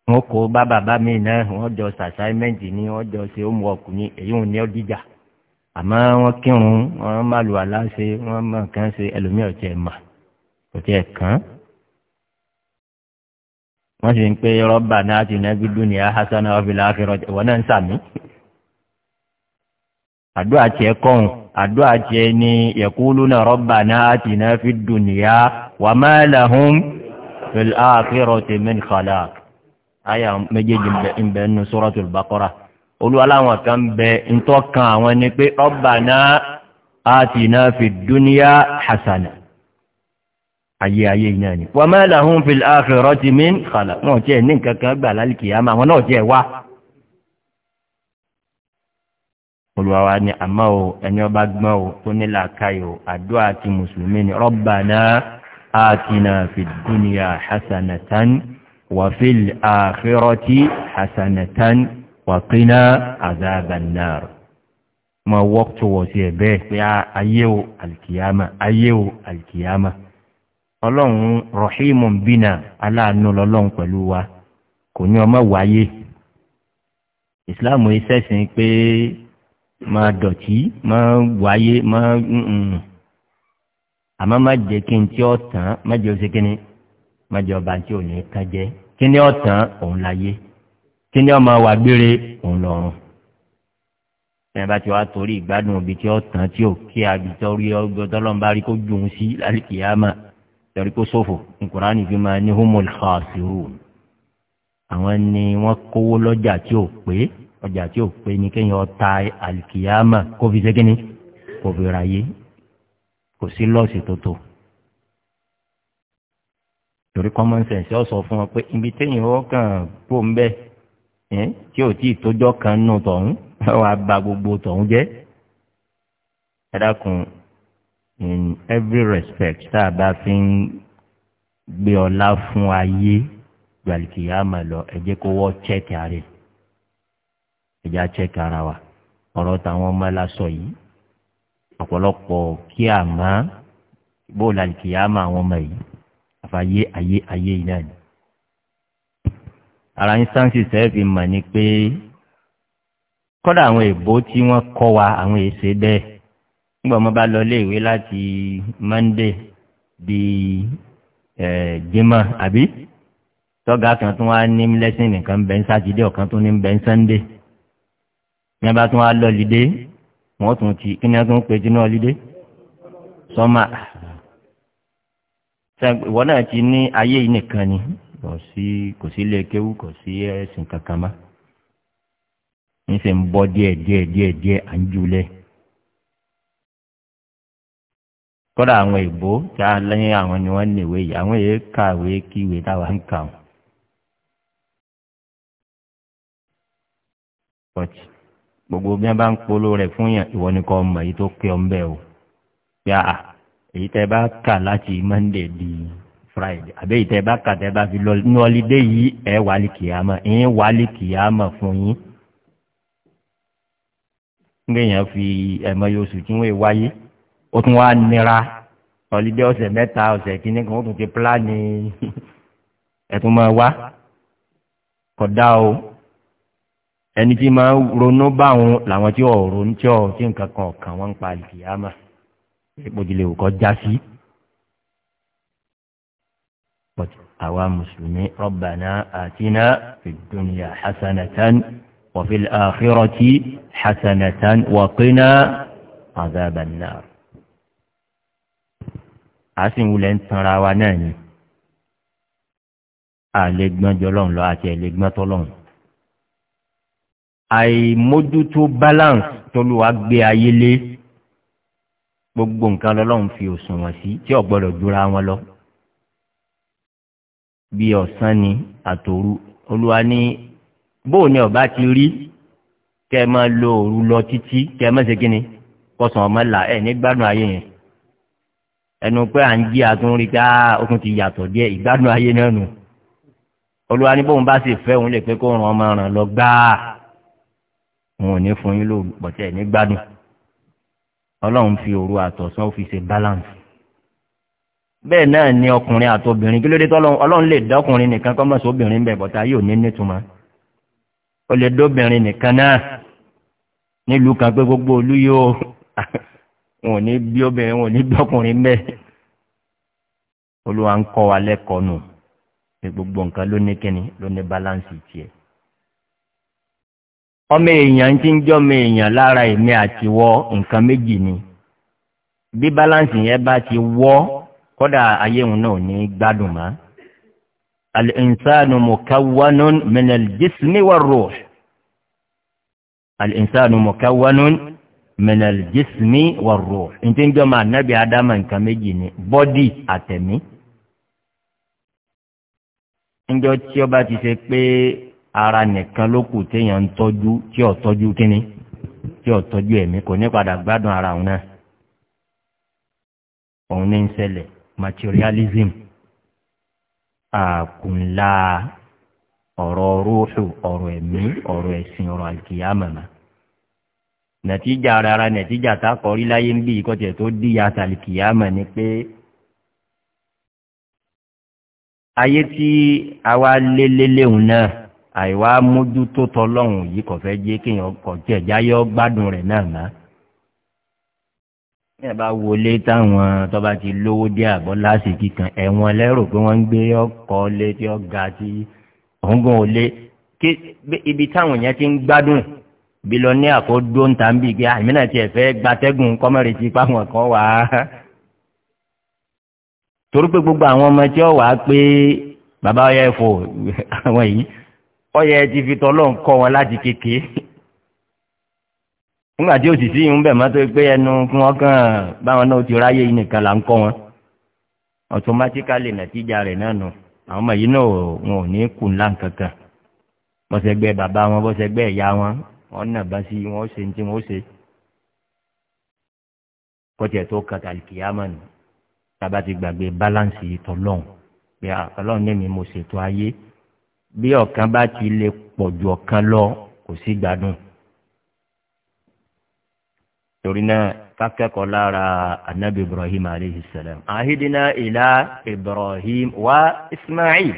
wọn kó bá bàbá mi náà wọn jọ sàṣáímẹ́ǹtì ni wọn jọ ṣe homework ni èyí ò ní ọdíjà àmọ́ wọn kírun wọn má lu aláṣẹ wọn má kàn ṣe ẹlòmíràn tiẹ̀ mà kò tiẹ̀ kàn. wọ́n sì ń pé rọ́bà náà ti náà gbídùn ah, hasan ọ̀fìlà akérò ìwọ náà ń sàmì. àdúrà tiẹ̀ kọ́hùn àdúrà tiẹ̀ ni yẹ̀kúlù náà rọ́bà náà ti náà fi dùn níyà fìlà akérò tèmi àyà méjèèjì ń bẹ nínú sọ́rọ́tù ìbákọ́ra olúwa láwọn kan bẹ ntọ́ kan àwọn ni pé ọba náà a ti náà fi dúníyà hasana ayé ayé iná ni wọ́n mẹ́lẹ̀ hún fi àfẹ́rọ́ ti mí kàlà wọn tiẹ̀ ní nǹkan kan gbà lálìkì yá máa wọn náà tiẹ̀ wá. olúwa ni àmọ́ o ẹni ọba gbọ́n o tó nílà káyọ̀ àdúrà ti mùsùlùmí ni ọba náà a náà fi dúníyà hasana tán. وفي الآخرة حسنة وقنا عذاب النار ما وقت وسيبه يا أيو الكيامة أيو الكيامة ọlọ́run rọ̀hìmù bínà aláàánú lọ́lọ́run pẹ̀lú wa kò ní ọmọ wáyé ìsìláàmù ìṣẹ̀sìn pé máa dọ̀tí máa wáyé máa àmọ́ má jẹ́ kí n tí ọ̀ tán má jẹ́ ó ṣe kí ni má jẹ́ ọba tí ò ní ká jẹ́ kí ni ọ̀tàn òun láyé kí ni ọmọ wà gbére òun lọ́rùn bẹ́ẹ̀ bá ti wá torí ìgbádùn òbí tí ọ̀tàn tí ò kí àbítọ́rí ọgbọ́n tọ́lọ́n bá rí kó dùn sí lálìkìyàmà torí kó ṣòfò nkùránì fi máa ní humul khasirun àwọn ni wọ́n kówó lọ́jà tí ò pé ọjà tí ò pé ní kéèyàn ta àlìkìyàmà kó fi kíni kó ráyé kò sí lọ́ọ̀sì tó tó torí common sense ọ sọ fún wọn pé ibi téèyàn ó kàn kó ń bẹ tí ò tí ì tójọ́ kan nù tọ̀hún [laughs] wàá ba gbogbo tọ̀hún jẹ́ ẹ dákun in every respect tá a bá fi ń gbé ọlá fún ayé gbàlìkìyà mà lọ ẹ jẹ́ kó wọ́ chẹ́kì ààrẹ ẹ jẹ́ àchẹ́kì ara wa ọ̀rọ̀ táwọn ọmọ lásọ yìí ọ̀pọ̀lọpọ̀ kí àmọ́ bó làlìkìyà mà àwọn ọmọ yìí àfàyè ayé ayé yìí náà ni. ara instansi sẹ́ẹ̀fì mọ̀ ni pé kọ́dà àwọn èbó tí wọ́n kọ́ wa àwọn èsè bẹ́ẹ̀ nígbà wọn bá lọ iléèwé láti monday di jimá àbí tọ́gà kan tún wá ní lẹ́sìn nìkan bẹ́ẹ̀ ń sátidé ọ̀kan tún ní bẹ́ẹ̀ sunday ní abá tún wá lọ lídé wọ́n tún ti kí ni wọ́n tún pè jù náà lídé sọ́mà. wọ́n náà ti ní ayé nìkan ni kò sí kò ilé kéwú kò sí ẹ̀sìn kankan mọ́ ń sì ń bọ́ díẹ̀ díẹ̀ díẹ̀ díẹ̀ à ń julẹ̀ kọ́dà àwọn ìbò tí a lẹ́yìn àwọn ni wọ́n níwèé yìí àwọn èyí kàwé kà o. èyí tẹ́ bá kà láti monday di friday àbẹ́ èyí tẹ́ bá kà tẹ́ bá fi lọ ní ọlídé yìí ẹ wàálì kìámà ẹ wàálì kìámà fún yín. ngbẹ̀yàn fi ẹ̀mọ yóò sùn tí wọ́n wáyé ó tún wá nira ọlídé ọ̀sẹ̀ mẹ́ta ọ̀sẹ̀ kínní kan ó tún ti pílánì [laughs] ẹ̀tún máa wá kọ̀dá o ẹni tí máa ronú báwọn làwọn tí ò ronú tí ò tí nǹkan kan kàn wọ́n ń pa kìámà bójúlé òkò já sí. àwa mùsùlùmí rọ́bànà àtinà fìdúnìyà hasanatan wàfíìl àkírọ̀tì hasanatan wàkínà àzàbànà. a sì ń wulẹ̀ ń tanra wa náà ni àlẹ́gbọ́n jọlọ́run lọ àti ẹ̀lẹ́gbọ́n tọ́lọ́run àìmójútó balance tolúwa gbé ayé lé gbogbo nǹkan lọ́lọ́run fi òsùn wọn sí tí ọ̀gbọ́dọ̀ dúra wọn lọ. bí ọ̀sán ni àtòru olúwa ní bóò ni ọba ti rí kẹ ẹ máa lo òru lọ títí kẹ ẹ má ṣe kíni kọsàn ọmọ là ẹ nígbádùn ayé yẹn ẹnu pé à ń jí àtúnrí ká okun ti yàtọ̀ díẹ̀ ìgbádùn ayé náà nù olúwa ní bóun bá sì fẹ́ òun lè pé kó ràn ọmọ ràn lọ gbáà òun ò ní fún yín lóògùn pọ̀tẹ́ nígbádùn ọlọ́run fi òru àtọ̀sán fi ṣe balance bẹ́ẹ̀ náà ni ọkùnrin àtobìnrin kí ló dé tọ́lọ́run ọlọ́run lè dọ́kùnrin nìkan kọ́ mọ̀sọ́ obìnrin bẹ̀ bọ̀tá yóò ní nítumọ̀ ó lè dóbìnrin nìkan náà nílùú kan pé gbogbo olú yóò [laughs] wọn ò ní bí obìnrin wọn ò ní dọ́kùnrin bẹ́ẹ̀ olúwa ń kọ́ wa lẹ́kọ̀ọ́ nù gbogbo nǹkan ló ní kíni ló ní balance tiẹ̀ ọmọ èèyàn ti ń jọmọ èèyàn lára èmi àti wọ nǹkan méjì ni bí balance yẹn bá ti wọ kódà ayé òun náà ní gbádùn mọ́ alìǹsánu mùkáwánú mìnàl jísmi wà rò alìǹsánu mùkáwánú mìnàl jísmi wà rò ntí ń jọmọ ànábì ádámà nǹkan méjì ni bọ́dì àtẹ̀mí ńjọ tí ọba ti ṣe pé ara nìkan ló kù téèyàn ń tọ́jú tí ò tọ́jú kínní tí ò tọ́jú ẹ̀mí kò ní padà gbádùn ara òun náà òun ní ń ṣẹlẹ̀ materialism àkùnlá ọ̀rọ̀ rúṣù ọ̀rọ̀ ẹ̀mí ọ̀rọ̀ ẹ̀sìn ọ̀rọ̀ àlìkìyàmọ̀mọ́ nàtíjà rárá nàtíjà tá a kọrí láyé ń bí ìkọ́tẹ̀ tó díya àtàlìkìyàmọ̀ ni pé ayé tí a wá lé lélẹ́hùn náà àìwá mójútó tọlọ́hùn yìí kò fẹ́ jẹ́ kéèyàn kọ̀ jẹ́ jáyọ́ gbádùn rẹ̀ náà ná. ní ẹ̀ bá wọlé táwọn tọ́ba ti lówó dé àbọ̀ lásìkò kan ẹ̀wọ̀n lẹ́rò pé wọ́n ń gbé ọkọ̀ lé tí ó ga tí òǹgàn ò ibi táwọn yẹn ti ń gbádùn bí lọ ní àkójọ ń bì gé àmì tiẹ̀ fẹ́ gbatẹ́gùn kọ́mọ̀rì páwọn kan wà á. torí pé gbogbo àwọn ọmọ tí ó wà pé bàbá ọyẹ àwọn yìí ọyẹ ẹ ti fi tọ́lọ́ kọ́ wọn láti kéke nígbà tí òsì sí yìí ń bẹ̀ mọ́tò pé ẹnu kí wọ́n kàn báwọn náà ti ráyè yìí nìkan là ń kọ́ wọn automatically nàtíjà rẹ̀ náà nù àwọn ọmọ yìí náà wọn ò ní kù ńlá kankan bọ́sẹ̀gbẹ́ bàbá wọn bọ́sẹ̀gbẹ́ ìyá wọn wọn nà bá sí wọn ó ṣe ní tí wọn ó ṣe kọ́tẹ̀ tó kàkà kìyàmọ̀ nù tàbá ti gbàgbé balance yìí tọ́lọ́hún pé àtọ́lọ́hún ní mi mo ṣètò ayé bí ọ̀kan bá ti lè pọ̀ ju ọ̀kan lọ kò sí gbádùn. torí náà kákẹ́kọ̀ọ́ lára anabi ibrahim aleyhi salam ahidina ila ibrahim wa ismail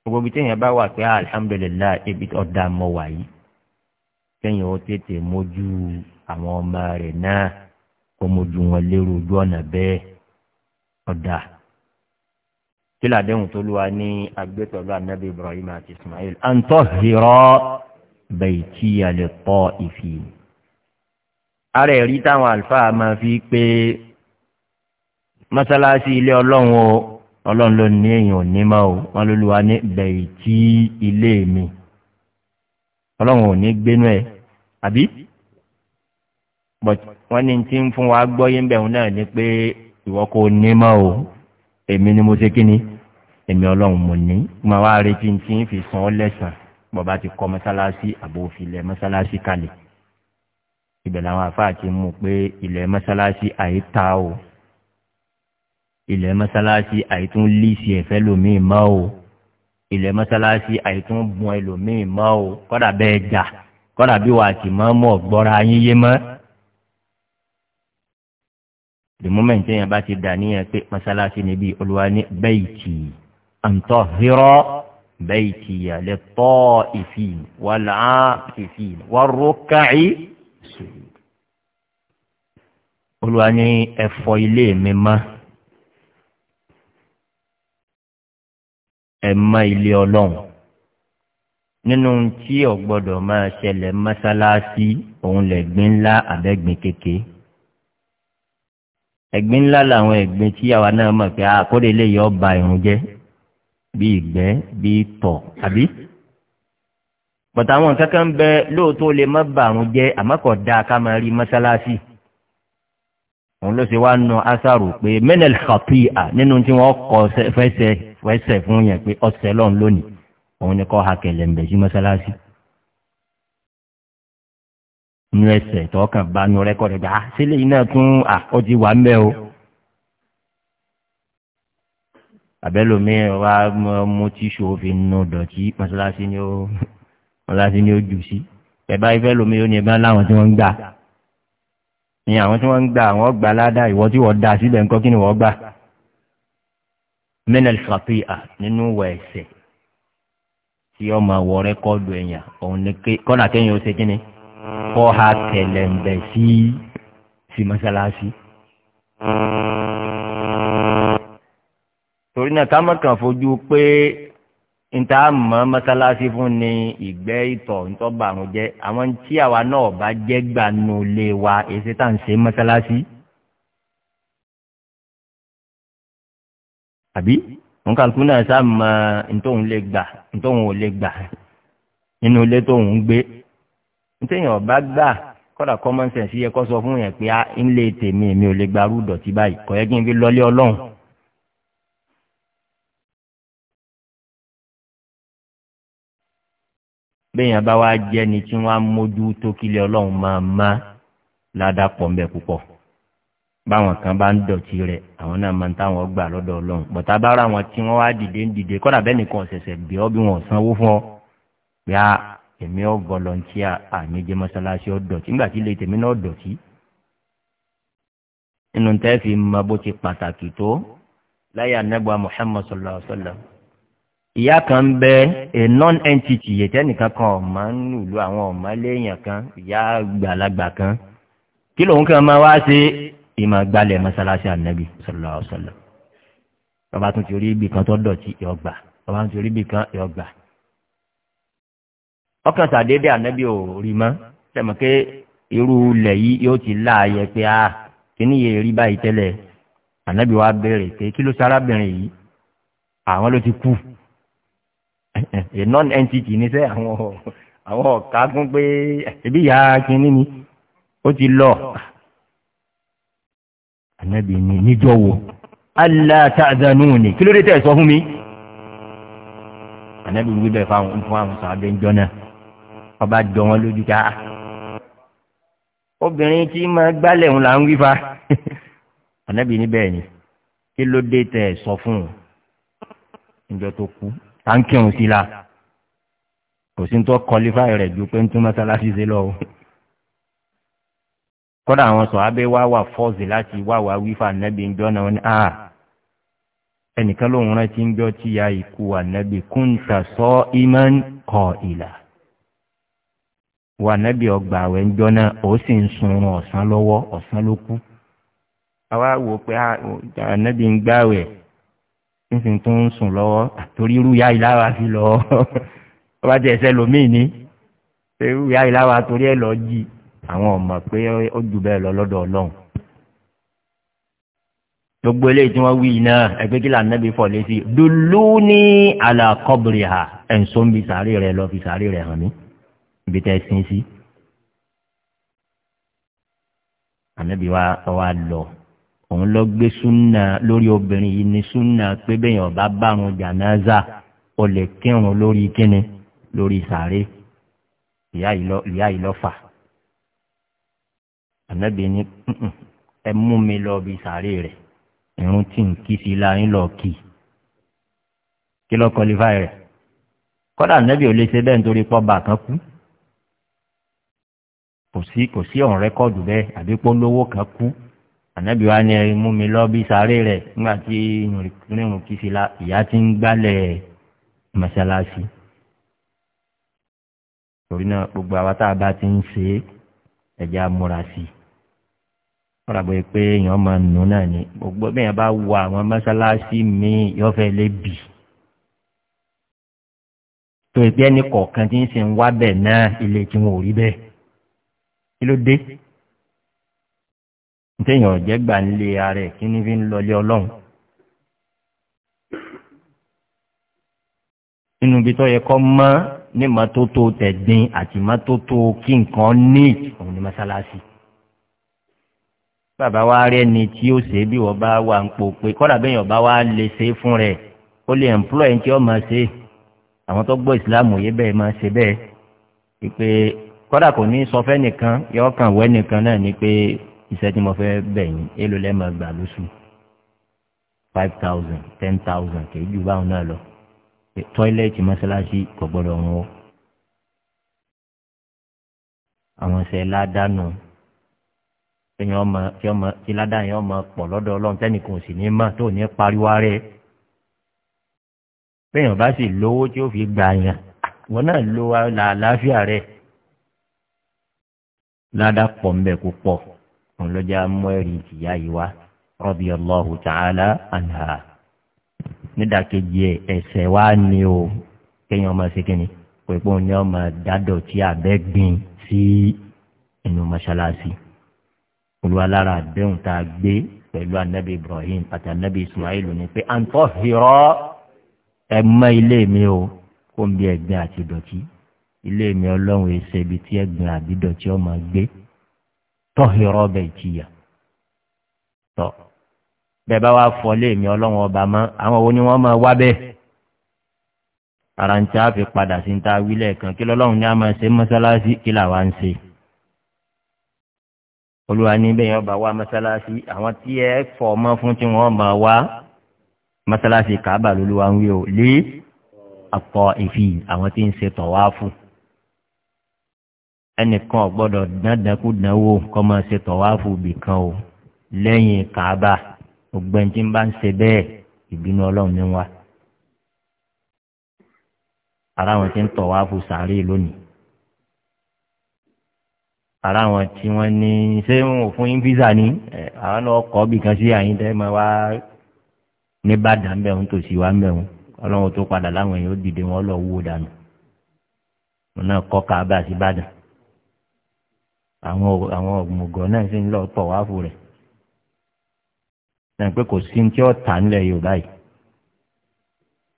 gbogbo ibi téèyàn bá wà pé alhamdulilayi ibi ọ̀dà mọ̀ wáyé kéèyàn ó tètè mójú àwọn ọmọ rẹ̀ náà kó mójú wọn lérò ojú ọ̀nà bẹ́ẹ̀ ọ̀dà kí làdéhùn tó lù wá ní agbé pẹ̀lú anabi ibrahim àti ismail àǹtọ́ hìrọ́ bẹ̀ẹ̀tì àlẹ́ pọ̀ ìfì. ara ẹ̀rí táwọn àlùfáà máa fi pé mọ́sálásí ilé ọlọ́run o ọlọ́run ló ní èèyàn ò ní mọ́ o wọ́n ló lù wá ní bẹ̀ẹ̀tì ilé mi ọlọ́run ò ní gbénú ẹ̀ àbí wọ́n ní tí ń fún wa gbọ́yé ń bẹ̀rù náà ni pé ìwọ kò ní mọ́ o èmi ni mo ṣe kí ni èmi ọlọ́run mo ní mo wá retí tí ń fi san ọ́ lẹ́sàn bọ́ba ti kọ́ mọ́sálásí àbòfilẹ̀ mọ́sálásí kalẹ̀ ibẹ̀ làwọn àfáà ti mú pé ilẹ̀ mọ́sálásí àyíká o ilẹ̀ mọ́sálásí àìtún líìsì ẹ̀fẹ́ lòmíì mọ́ o ilẹ̀ mọ́sálásí àìtún bun ẹlòmíì mọ́ o kọ́dà bẹ́ẹ̀ jà kọ́dà bí wàá tì mọ́ mọ́ gbọ́ra yín yé mọ́. the moment yẹn bá ti dà níyẹn pé mọ́sálásí níbi olúwa ní bẹ́ẹ̀ tì àǹtọ̀ hírọ́ bẹ́ẹ̀ kìyà lè tọ́ ìfìn wà láà ìfìn wà rókàí sùn. olùwà ní ẹ̀fọ́ ilé mi mọ́ ẹ̀ mọ́ ilé ọlọ́run nínú tí ọ̀gbọ́dọ̀ máa ṣẹlẹ̀ mọ́sálásí òun lẹ̀gbin ńlá àbẹ́gbin kékeré àwa náà mọ̀ pé àkórè lè yọ ọba ìrùn jẹ́ bí ìgbẹ́ bí tọ̀ àbí. bọ̀tà àwọn kankan bẹ lóòótọ́ lè má bàrún jẹ́ àmọ́kọ̀ dáa ká máa rí mọ́sálásí òun ló ṣe wá nu asaru pé mẹ́nẹ̀lì kàpíà nínú tí wọ́n kọ fẹsẹ̀ fẹsẹ̀ fún yẹn pé ọ̀sẹ̀ lọ́n lónìí òun ni kọ́ ha kẹlẹ̀ ń bẹ̀ sí mọ́sálásí. nu ẹsẹ̀ tọkàn bá nu rẹ́kọ̀dì gbà sílẹ̀ iná tún à ah, ó ti wà ń bẹ́ o. àbẹ́lòmí wa mú tíṣù òfin nù dọ̀tí mọ́ṣáláṣí ni ó [laughs] mọ́ṣáláṣí ni ó jù sí ẹ̀bá ifẹ́ lomi ó ní ẹ̀bá láwọn tí wọ́n ń gbà ní àwọn tí wọ́n ń gbà àwọn gbà ládàá ìwọ tí wọ́n dá síbẹ̀ ńkọ́ kí ni wọ́n gbà mẹ́nẹ̀lì fàpíà nínú wẹ̀ ẹ̀sẹ̀ tí ọmọ àwọ̀ rẹ́kọ́ọ̀dù ẹ̀yàn òun ni kọ́nà kẹ́yìn ó ṣe kí ni kọ́ ha tẹ̀lẹ̀ ń bẹ̀ sí sí mọ́ṣáláṣí torí náà ká má kàn fojú pé níta mọ́ mọ́sálásí fún ni ìgbẹ́ ìtọ̀ ńtọ́ba àrùn jẹ́ àwọn tí àwa náà bá jẹ́ gbànú lé wa èsì tá à ń ṣe mọ́sálásí. àbí wọn kà kún náà sáà mọ ntòun lè gbà ntòun ò lè gbà nínú ilé tóun ń gbé ntẹ̀yìn ọ̀bá gbà kọ́dà common sense yẹ kó sọ fún yẹn pé ń ah, lè tèmi èmi ò lè gbarú dọ̀tí báyìí kò yẹ kí n fi lọ́lé ọlọ́run. bẹ́yìn bá wá jẹ́ ni tí wọ́n á mójú tó kílẹ̀ ọlọ́run máa má ládàá pọ̀ ń bẹ púpọ̀ báwọn kan bá ń dọ̀tí rẹ̀ àwọn náà máa ń táwọn gbà lọ́dọ̀ ọlọ́run bọ̀tá bá ra wọn tí wọ́n wá dìde ń dìde kọ́dà bẹ́ẹ̀ nìkan ṣẹ̀ṣẹ̀ bí ọ́ bí wọn sanwó fún ọ pé a èmi ọ́ volunteer àníjẹ́ mọ́ṣáláṣí ọ́ dọ̀tí nígbà tí ilé tèmi náà dọ̀tí. inú tẹ́ fi mọ bó ti pàtàkì tó láyà nẹ́gbà muhammad sallallahu alayhi wa sallam ìyá kan ń bẹ a non entity yẹtẹnìkan kan ọmọ ń lùlù àwọn ọmọ léèyàn kan ìyá gbàlagbà kan kí lòun kan máa wá ṣe ìmọ̀ gbalẹ̀ mọ́sálásí ànábì sọlọ sọlọ bàbá tún ti rí ibì kan tó dọ̀tí ìyọgbà bàbá tún ti rí ibì kan ìyọgbà ọkàn sàdédé ànábì ò rí mọ́ tẹ̀mọ̀ pé irú ilẹ̀ yìí yóò ti láàyè pé a ah, kíní yé rí báyìí tẹ́lẹ̀ ànábì wa béèrè pé kí ló sárábìnrin yìí àwọn ló ti kú. [laughs] a non-entity ní sẹ́ àwọn àwọn ọ̀ka gún pé ẹbí ìyá kínní ni ó ti lọ. ànábì ni níjọ́ wo aláàtàzánú ni kí ló dé tẹ̀ sọ fún mi. ànábì wí bẹ́ẹ̀ fáwọn fún àwọn sàbẹ̀ ń jọ́nà ọba jọ wọn lójú ká. Ah, obìnrin tí máa gbálẹ̀ ń là ń wí fa [laughs] ànábì ní bẹ́ẹ̀ ni kí ló dé tẹ̀ sọ fún un níjọ́ tó kú à ń kírun sí la kò sí tó kọlífà rẹ̀ ju pé ń tún mọ́sálásí ṣe lọ o. kódà àwọn sọ abẹ́ wá wà fọ́ọ̀sì láti wá wà wífà nẹ́bí ń jọ́nà wọn ni a ah, ẹnìkan lòun rántí ń jọ́ tí ya ìkú wà nẹ́bí kúńtà sọ imán kọ ìlà. wà nẹ́bí ọgbà àwẹ̀ ń jọ́nà ó sì ń sun ọ̀sán lọ́wọ́ ọ̀sán ló kú. àwa wò pé ah, ànẹ́bí ń gbáwẹ̀ nísìnyí tó ń sùn lọ́wọ́ torí irú ya ìlara fi lọ ọ [laughs] bá jẹ́ ẹsẹ̀ lómìn ní irú ya ìlara torí ẹ̀ lọ jí àwọn ọmọ pé ó jù bẹ́ẹ̀ lọ lọ́dọ̀ ọlọ́run gbogbo eléyìí tí wọ́n wí iná ẹgbẹ́ kí lànàbí fọ̀ létí dùlú ní àlàkọ́bìrì ha ẹ̀ǹsọ́ ń bi sàárè rẹ̀ lọ fi sàárè rẹ̀ hàn mí ibi tẹ́ ẹ sin sí ànàbí wa wá lọ òun lọ gbé súnà lórí obìnrin yìí ní súnà pé bẹ́yìn ọba bárun jànáza ó lè kírun lórí kíni lórí sàárè ìyá yìí lọ fà ànábì ní ẹ mú mi lọ bí sàárè rẹ irun tí n kí sí láyín lọ kì í kí lọ kọlifá rẹ kọ́dà ànábì ò lè ṣe bẹ́ẹ̀ nítorí pọ́ba kan kú kò sí kò sí ọ̀n rẹ́kọ́dù bẹ́ẹ̀ àbí polówó kan kú ànábì wa ni mú mi lọ bí sáré rẹ̀ nígbà tí rírun kí sí la ìyá ti ń gbálẹ̀ mọ́ṣáláṣí torí náà gbogbo àwa tá a bá ti ń ṣe é ẹ̀jẹ̀ amúra sí i wọ́n rà bóyá pé èèyàn máa nù náà ni gbogbo bẹ́ẹ̀ bá wọ àwọn mọ́ṣáláṣí míì yọ́fẹ́ lé bì tó ìpẹ́ ní kọ̀ọ̀kan tí ń sìn wá bẹ̀ náà ilé tí wọn ò rí bẹ́ẹ̀ kí ló dé téèyàn jẹ́ gbà ń lé ara ẹ̀ kí ní fi ń lọlé ọlọ́run. inú ibi tó yẹ kọ́ mọ́ ní mọ́tótó tẹ̀gbìn àti mọ́tótó kí nǹkan ní òun ní mọ́sálásí. bàbá wa rẹ̀ ni tí ó ṣe bí wọ́n bá wà ń pò pé kọ́dà bẹ́yàn bá wá lè ṣe fún rẹ̀ ó lè ẹ̀mplọ́ ẹ̀ tí ó máa ṣe àwọn tó gbọ́ ìsìláàmù yé bẹ́ẹ̀ máa ṣe bẹ́ẹ̀ pé kọ́dà kò ní sọ fẹ́ nìkan yọ wẹ́ nìkan náà ni pé iṣẹ́ tí mo fẹ́ bẹ̀ yín èlò lẹ́mọ̀ gbà lóṣù five thousand ten thousand kì í ju báwọn náà lọ tọ́ílẹ̀tì mọ́ṣáláṣí kò gbọ́dọ̀ wọn o àwọn ṣe ládàánù ẹ̀yìn ọmọ tí ọmọ tí ládàá yẹn ọmọ pọ̀ lọ́dọ̀ ọlọ́run tẹ́nìkan ò sì ní mọ̀ tó ní pariwo rẹ̀ bẹ́ẹ̀yàn bá sì lówó tí ó fi gbà yàn wọn náà lo àlàáfíà rẹ̀ ládàá pọ̀ ń bẹ̀ pọ̀ ńlọ́jà mọ́ẹ̀rì tìyá yìí wá rọ́bì ọlọ́hu tààlà àná nídàkejì ẹ̀sẹ̀ wá ní o kéèyàn ọmọ ṣèkínni pé pé òun ní ọmọ dádọ̀ tí abẹ́ gbìn sí inú mọ́ṣáláṣí olùwàlára àdéhùn tá a gbé pẹ̀lú anabi ibrahim àti anabi ismail ní pé à ń tọ́ hìrọ́ ẹ mọ ilé mi o kó n bí ẹgbẹ́ àti dọ̀tí ilé mi ọlọ́run èsè ibi tí ẹgbẹ́ àbí dọ̀tí ọmọ gbé tọ́hìrọ̀ bẹ̀ jìyà tọ́ bẹ́ẹ̀ bá wá fọlé mi ọlọ́run ọba mọ́ àwọn wo ni wọ́n máa wá bẹ́ẹ̀ ara ń tá a fi padà sí ta wílẹ̀ kan kí lọ́lọ́run ní a máa ṣe mọ́sálásí kí làwa ń ṣe olúwa ní bẹ́ẹ̀ yẹn ọba wá mọ́sálásí àwọn tí ẹ fọ ọmọ fún tí wọ́n máa wá mọ́sálásí kàábà lolúwa ń wí o lé àpọ̀ ìfì àwọn tí ń ṣe tọ̀ wá fún ẹnìkan ọ̀gbọ́dọ̀ dandakudanwo kọ́ máa ṣe tọ̀wáfù bìkan o lẹ́yìn kaaba ògbẹ́ntì bá ń ṣe bẹ́ẹ̀ ìbínú ọlọ́run ní wa. ara wọn ti ń tọ̀wáfù sàárè lónìí. ara wọn tí wọ́n ní ṣé wọn ò fún yín fíìsà ní àwọn náà kọ́ bìkan sí àyín tẹ́ máa wá nìbàdàn bẹ́ẹ̀ ń tòṣì wá mẹ́wọ́n ọlọ́run tó padà láwọn èèyàn dìde wọn lọ wó dànù. wọn náà kọ́ kaaba sí ìbàdàn àwọn àwọn ọ̀gbọ̀ngàn náà sì ń lọ pọ̀ wá fún rẹ̀ náà pé kò sí tí ó tà ńlẹ̀ yorùbá yìí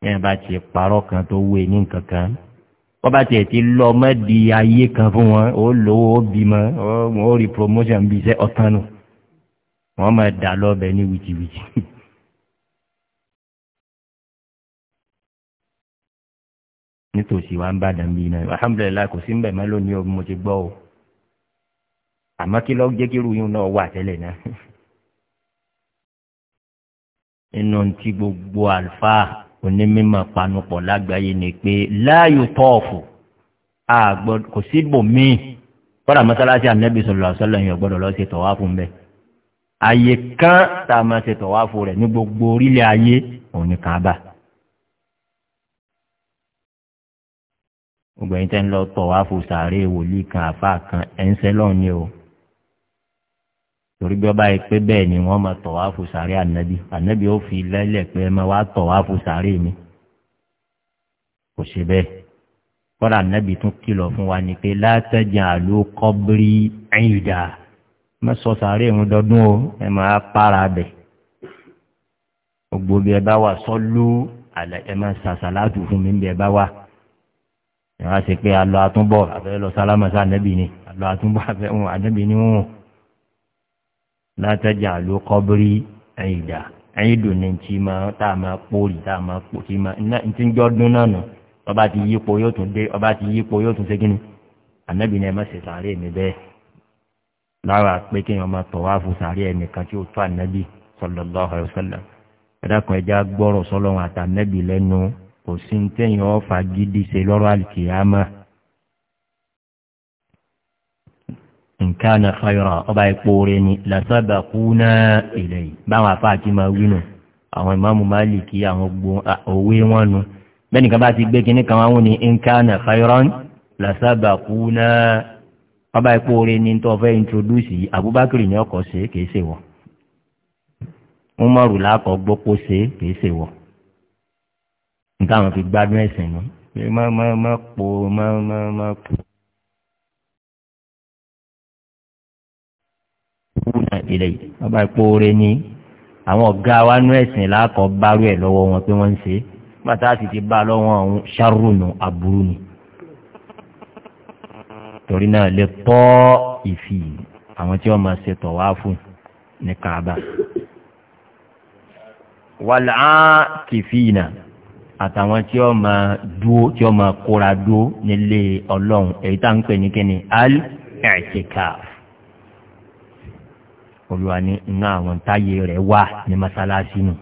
yẹn bá ti parọ́ kan tó wé ní nǹkan kan wọ́n bá tiẹ̀ ti lọ ọmọ ayé kan fún wọn ó lówó ó bímọ ó rí promotion bíi iṣẹ́ ọ̀tán nù wọ́n máa dà lọ́bẹ̀ ní wìtìwìtì. [laughs] nítòsí wa ń bàdàn bíi náà alhamdulilayi kò sí ń bẹ̀ mọ́ lónìí o mo ti gbọ́ o àmọ́ kí lọ́ọ́ jẹ́ kí irú yín náà wà tẹ́lẹ̀ náà inú ti gbogbo àlùfáà onímọ̀ panupọ̀ lágbàáyé ni pé láàyò tọ́ọ̀fù kò síbòmíì kọ́dà mọ́sálásí ànábì sọ̀rọ̀ àṣọlọ̀ yẹn gbọ́dọ̀ lọ ṣe tọ̀wá fún bẹ́ẹ̀ àyè kan tá a máa ṣe tọ̀wá fún rẹ̀ ní gbogbo orílẹ̀ ayé òun ni kàn bá. gbogbo ẹ̀yin tẹ́ ń lọ tọ̀wá fún sàárè wòlíì kan àfáà kan ẹ̀ ń sẹ́lọ̀ ni o torí bí ọba yìí pé bẹ́ẹ̀ ni wọ́n máa tọ̀ wá fún sàárẹ̀ ànábì ànábì ó fi lẹ́lẹ̀ pé ẹ máa wá tọ̀ wá fún sàárẹ̀ mi kò ṣe bẹ́ẹ̀ kọ́ra ànábì tún kìlọ̀ fún wa ni pé látẹ̀jẹ̀ àló kọ́bírí ẹ̀yìndà má sàárẹ̀ ń dọdún o ẹ máa para bẹ̀ gbogbo ẹ bá wà sọ́lú ẹ máa ṣàṣàlátù fún mi bí ẹ bá wà ẹ wá ṣe pé alọ àtúbọ̀ àfẹ́ lọ sálámà sí ànábì ni alọ àtúbọ̀ látàjà ló kọ́bírí ẹ̀yìdà ẹ̀yìdùn ní tí máa tá a ma pòrì tá a máa pò tí máa ní tí ń jọ́dún náà nù ọba ti yípo yóò tún dé ọba ti yípo yóò tún ségin ní ànábì ní ẹ má ṣe sàárè mi bẹ́ẹ̀ lára pé tọ̀ wá fún tí ó tó ànábì sọlọ́lá ọ̀rọ̀ sọlọ́ ẹ̀dàkùn ẹja gbọ́rọ̀ sọlọ́run àtànábì lẹ́nu kò sí ní gidi ṣe lọ́rọ̀ nǹkan àfàyọ̀rọ̀ ọba ipò rẹ̀ ni làṣàbà kúnà ilẹ̀ yìí báwọn afáàtì máa wí nù àwọn ìmáàmù máàlìkì àwọn òwe wọn nu bẹ́ẹ̀ni kan bá ti gbé kinní kan wọn ni nǹkan àfàyọ̀rọ̀ làṣàbà kúnà ọba ipò rẹ̀ ni tó fẹ́ introduce abubakar ni ọkọ̀ ṣe kìí ṣe wọ̀ umaru làákọ̀ gbọ́pọ̀ ṣe kìí ṣe wọ̀ nǹkan àwọn fi gbádùn ẹ̀sìn nù má má má po má má má po. náà ilẹ̀ yìí bàbá ìpòore ni àwọn ọ̀gá wa nú ẹ̀sìn láàkọ́ bárú ẹ̀ lọ́wọ́ wọn pé wọ́n ń ṣe bàtà sì ti bá lọ́wọ́ ọ̀hún ṣàrùnù àbúrú ni torí náà lè tọ́ ìfì àwọn tí wọ́n máa ṣe tọ̀ wá fún ní kaaba wàlá kìfìnà àtàwọn tí ó ma dúó tí ó ma kóra dúó nílé ọlọ́run èyí tá ń pè ní kíni al-ẹ̀tìkàf olùwà ní iná àwọn táyé rẹ̀ wà ní mọ́sálásí nù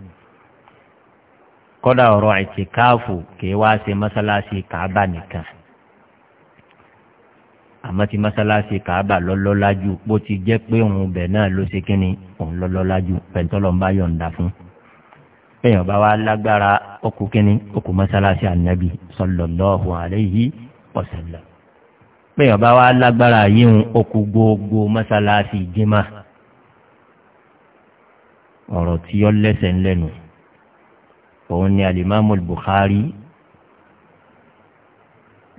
kọ́dà ọ̀rọ̀ ìtìkáàfù kìí wá sí mọ́sálásí kàábà nìkan àmọ́ ti mọ́sálásí kàábà lọ́lọ́lájú bó ti jẹ́ pé òun bẹ̀ náà ló ṣe kíni òun lọ́lọ́lájú pẹ̀ntọ́lọ́ ń bá yọ̀ǹda fún èèyàn bá wá lágbára okùn kíni okùn mọ́sálásí ànábì sọlọ́lọ́hu àléyìí ọ̀sẹ̀lẹ̀ èèyàn bá wá lágbára yíhun okùn gbogbo mọ́sálásí jimá ọ̀rọ̀ tí yọ lẹ́sẹ̀ ńlẹ́nu òun ni alimami bukhari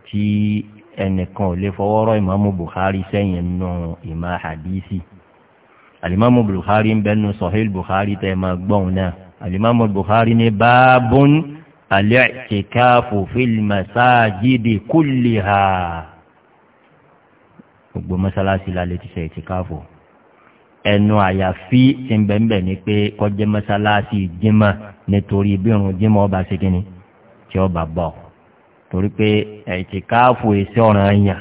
tí ẹnìkan ò lè fọwọ́rọ́ ìmáàmù bukhari sẹ́yìn nù ìmá hadisi alimami bukhari ń bẹnu sọ̀hìl bukhari tẹ́ máa gbọ́n náà alimami bukhari ní báàbùn alẹ́ tìkáfù fílmẹ̀sáàjìdì kúlìhà gbogbo mọ́sálásí lálẹ́ ti sẹ́ tìkáfù ẹnu àyàfi ti ń bẹ̀ǹbẹ̀ ni pé kọjá mọ́sálásí jímọ̀ nítorí bí irun jímọ̀ ọba ṣe kíni tí ọba bọ̀ torí pé ẹ̀tì káàfù èsì ọ̀ràn ẹ̀yàn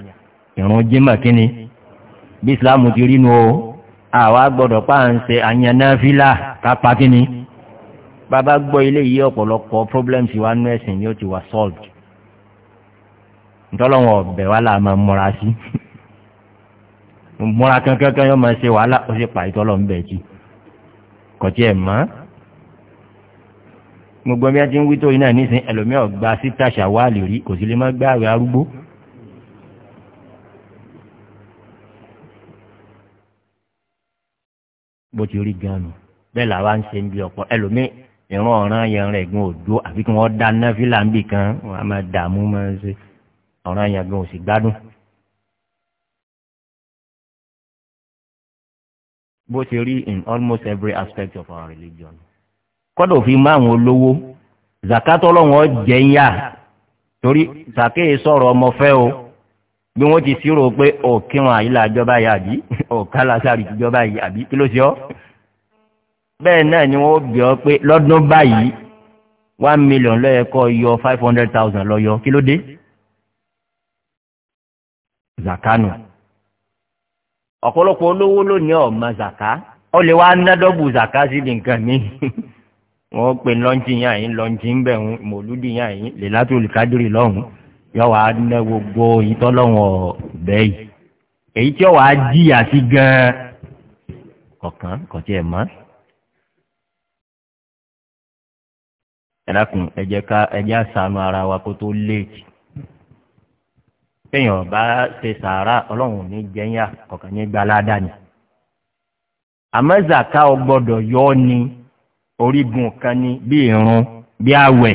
irun jímọ̀ kíni bí islam ti rí nu o àwa gbọ́dọ̀ pa à ń ṣe àyànnáfílà kápá kíni bàbá gbọ́ ilé yìí ọ̀pọ̀lọpọ̀ problems wa nú ẹ̀sìn ni ó ti wà solved ntọ́lọ́wọ̀n ọ̀bẹ̀ wa là máa múra sí. [laughs] múra kankankan yóò máa ṣe wàhálà ó sì pàì tọ́lọ̀ ń bẹ̀ jì kọjá ẹ̀ mọ́. gbogbo bí a ti ń wí tóyìn náà nísìnyí ẹlòmíọ̀ gba síta ṣàwálì rí kò sí lè má gbá àwẹ̀ arúgbó. bó ti rí gan-an bẹ́ẹ̀ làwa ń ṣe ń bí ọ̀pọ̀ ẹlòmíì ìran ọ̀ràn yẹn rẹ̀ gun òdo àfi kí wọ́n dáná fílà ń bì kan wọ́n á máa dààmú máa ń ṣe ọ̀ràn yẹn gan ò gbádùn. bó ṣe rí in almost every aspect of our religion. kọ́dọ̀ fi máa ń olówó zakato ọlọ́wọ́n jẹ́ ń yà torí sàkéyè sọ̀rọ̀ ọmọ fẹ́ o bí wọ́n ti sírò pé òkìrùn àyílà ìjọba yìí àbí òkàlásàrì ìjọba yìí àbí kí ló ṣe ọ́ bẹ́ẹ̀ náà ni wọ́n bì ọ́ pé lọ́dún báyìí one million lọ́yẹ kọ́ yọ five hundred thousand lọ́yọ kí ló dé zakanu ọ̀pọ̀lọpọ̀ olówó ló ní ọ̀mọ zàká ó lè wá ná dọ́bù zàká síbi nǹkan mi [laughs] wọ́n pe lọ́ńjì yàn yín lọ́ńjì ń bẹ̀ ń mòlúdì yàn yín lè látò olùkádìrì lọ́hùn yọ wàá ná gbogbo ìtọ́lọ́wọ̀n ọ̀bẹ yìí èyí tí wàá jìyà sí gan-an kọ̀ọ̀kan kọ̀tí ẹ̀ mọ́. ẹ̀dákun ẹ̀jẹ̀ ká ẹ̀jẹ̀ àṣàánú ara wa kó tó léèkì téèyàn ọba ṣe sàárà ọlọ́run ní jẹ́yà kọ̀ọ̀kan ní gbalada ni. àmọ́ zaka ọgbọ́dọ̀ yọ ni orígun kan ni bí irun bí awẹ̀.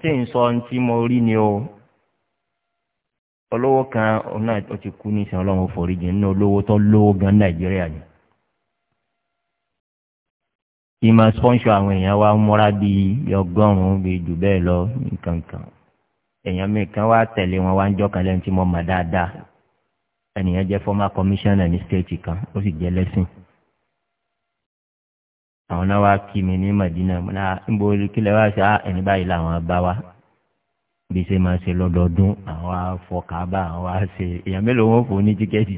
tí n sọ tí mo rí ni o olówó kan ọ̀nà ó ti kú ní ìsìn ọlọ́run foríjì nínú olówó tó lówó gan nàìjíríà yìí ìmọ̀ spọ́nṣọ́ àwọn èèyàn wa múra bíi ọgọ́rùn-ún bíi jù bẹ́ẹ̀ lọ nǹkan kan èèyàn mi kan wá tẹ̀lé wọn wá ń jọ́ kan tí mo mọ̀ dáadáa ẹnìyẹn jẹ́ former commissioner ní state kan ó sì jẹ́ lẹ́sìn àwọn náà wá kí mi ní madina náà ah, níbo kílẹ̀ wá sí ah, ẹni báyìí làwọn bá wa bí ṣe máa ṣe lọ́dọọdún àwọn afọkàbà àwọn àṣe èèyàn mélòó wọn fò ní tíkẹ́ẹ̀tì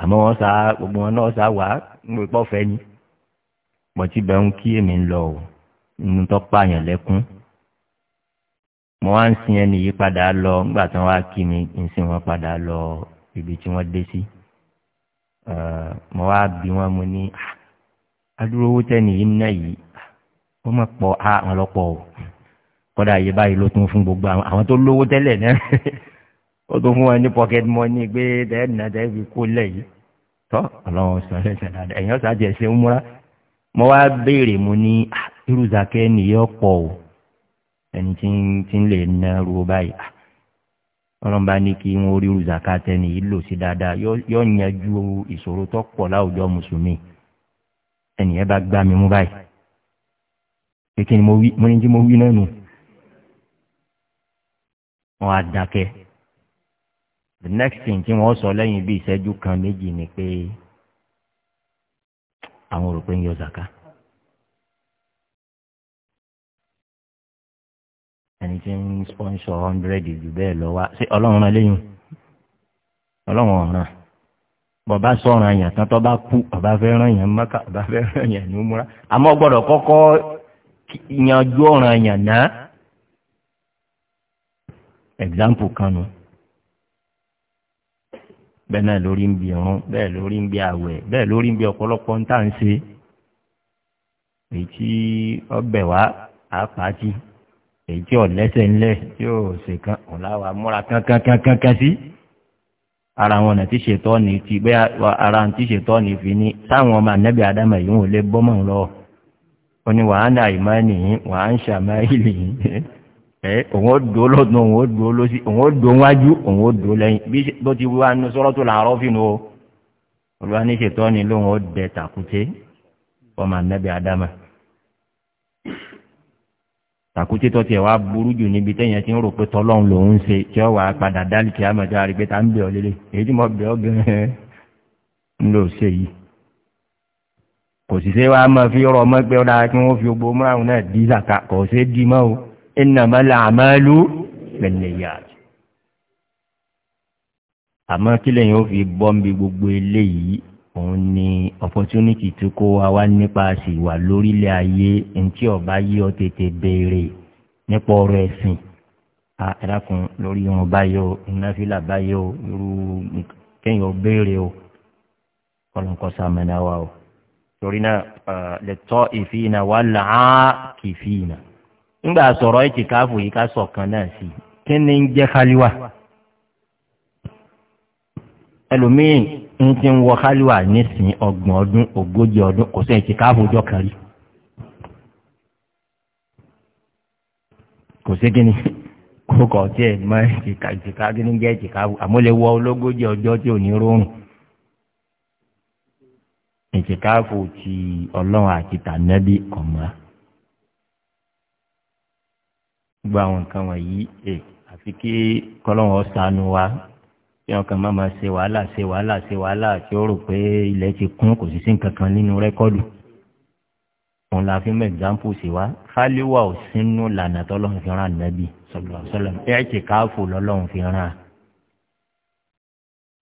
àmọ́ wọn sá gbogbo wọn náà sá wà nígbà pọ́fẹ́ ni mo ti bẹ̀ ń kí èmi ń lọ o nínú tó pààyàn lẹ́kún mo wá ń sin ẹni yìí padà lọ nígbà tí wọn wá kí mi ń sin wọn padà lọ ibi tí wọn dé sí mo wá bí wọn mo ní adúró owó tẹ́ni yìí ná yìí wọ́n mọ̀ pọ̀ àwọn ọlọ́pọ̀ o kọ́dà yìí báyìí ló tún fún gbogbo àwọn tó lówó tẹ́lẹ̀ náà. [laughs] ó tún fún wọn ní pocket money gbé dẹ́ẹ̀nà dẹ́ẹ̀ fi kó lẹ̀ yìí tọ́ ọlọ́run sọ̀rọ̀ ẹ̀sẹ̀ dáadáa ẹ̀yìn ọ̀sà àti ẹ̀sẹ̀ múra mo wá béèrè mo ní irúzakẹ́ nìyẹn pọ̀ o ẹni tí ń tí ń lè ná ru báyìí ọlọ́run bá ní kí wọ́n rí irúzakẹ́ tẹ́ni yìí lò sí dáadáa yóò yanjú ìṣòro tó pọ̀ láwùjọ mùsùlùmí ẹnìyẹn bá gbá mi mú báyìí kékeré mo mo wí náà nù wọn á dákẹ́ the next thing tí wọ́n sọ lẹ́yìn bíi ìṣẹ́jú kan méjì ni pé àwọn ò rò pé ń yọ zaka. ẹni tí ń sponsor hundred jù bẹ́ẹ̀ lọ wá ṣé ọlọ́run rán lẹ́yìn ọlọ́run ọ̀ràn bọ̀bá sọ̀rọ̀ àyàn tán tó bá kú ọba fẹ́ ràn yàn mọ́kà ọba fẹ́ ràn yàn ní múra àmọ́ gbọ́dọ̀ kọ́kọ́ yanjú ọ̀ràn àyàn náà example kan bẹ́ẹ̀ náà lórí ń bi irun bẹ́ẹ̀ lórí ń bi àwẹ̀ bẹ́ẹ̀ lórí ń bi ọ̀pọ̀lọpọ̀ ń tà ń ṣe èyí tí ọbẹ̀ wá àpàtì èyí tí ọ̀lẹ́sẹ̀ ńlẹ̀ tí ò ṣe kan ọ̀làwà múra kankankankan sí ara wọn ti ṣètọ́ ni ti bẹ́ẹ̀ ara ń ti ṣètọ́ ni fi ni táwọn ọmọ ànábì àdámà yìí wọn ò lè bọ́mọ̀ lọ. ó ní wàhánà ìmọ̀ nìyí wàhánṣà máa yìí nìyí ẹ òun ó do lọ́dún òun ó do lọ́sí òun ó do wájú òun ó do lẹ́yìn bí bó ti wá nu sọ́rọ́ tó làárọ̀ fínú o olúwa ní ṣètọ́ ni lóun ó dẹ tàkúté ọmọ anábì adama tàkúté tó tiẹ̀ wá burú jù níbi téèyàn ti ń rò pé tọ́lọ́run lòún ṣe tí ó wàá padà dálì kí á mọ̀ tí a rí pé ta ń bẹ̀ ọ́ lélẹ̀ èyí tí mo bẹ̀ ọ́ gẹ́gẹ́ ń lò ṣe yìí kò sì ṣe wàá máa fi rọ ọmọ pé ọ̀dà kí wọ́n fi gbogbo mọ́ náà dí é dí ìnàmọ́ làmálú lẹ́nìyà àmọ́ kí lẹ́yìn ó fi bọ́m̀bì gbogbo eléyìí òun ni opportunity tó kó wa wá nípa àṣìwà lórílẹ̀ ayé ntí ọba yí ọ tètè béèrè nípa ọ̀rọ̀ ẹ̀sìn ẹ̀dàkùn lórí irun báyìí o ìnáfílà báyìí o irú kéèyàn ó béèrè o kọlọ́nkọ́ sàmẹ́nà wa o torí náà lẹ́tọ́ ìfìyìnà wà láàkì fìyìnà. ngba sọ̀rọ̀ ìtìkáfù yìí ká sọ̀kan náà sí kí ni ń jẹ́ káliwà ẹlòmíì ń ti ń wọ káliwà nísìnyí ọgbọ̀n ọdún ogójì ọdún kò sí ìtìkáfù ọjọ́ kan rí kò sí kíni kó tí wọ ológójì ọjọ tí ò ní ti ọlọ́run àti tànẹ́bí ọ̀mọ́. gbogbo àwọn nǹkan wọ̀nyí ẹ̀ eh, àfi kí kọ́lọ́wọ́ sànù wa kí wọn kàn má máa ṣe wàhálà ṣe wàhálà ṣe wàhálà tí ó rò pé ilẹ̀ ti kún kò sì sí nǹkan kan nínú rẹ́kọ́ọ̀dù òun la fi mọ ẹ̀gbáǹpù sí wa fáliwà ò sínú lànà tọ́lọ́run fi ràn nẹ́bí sọlọ sọlọ ẹ̀ ti káàfù lọ́lọ́run fi ràn án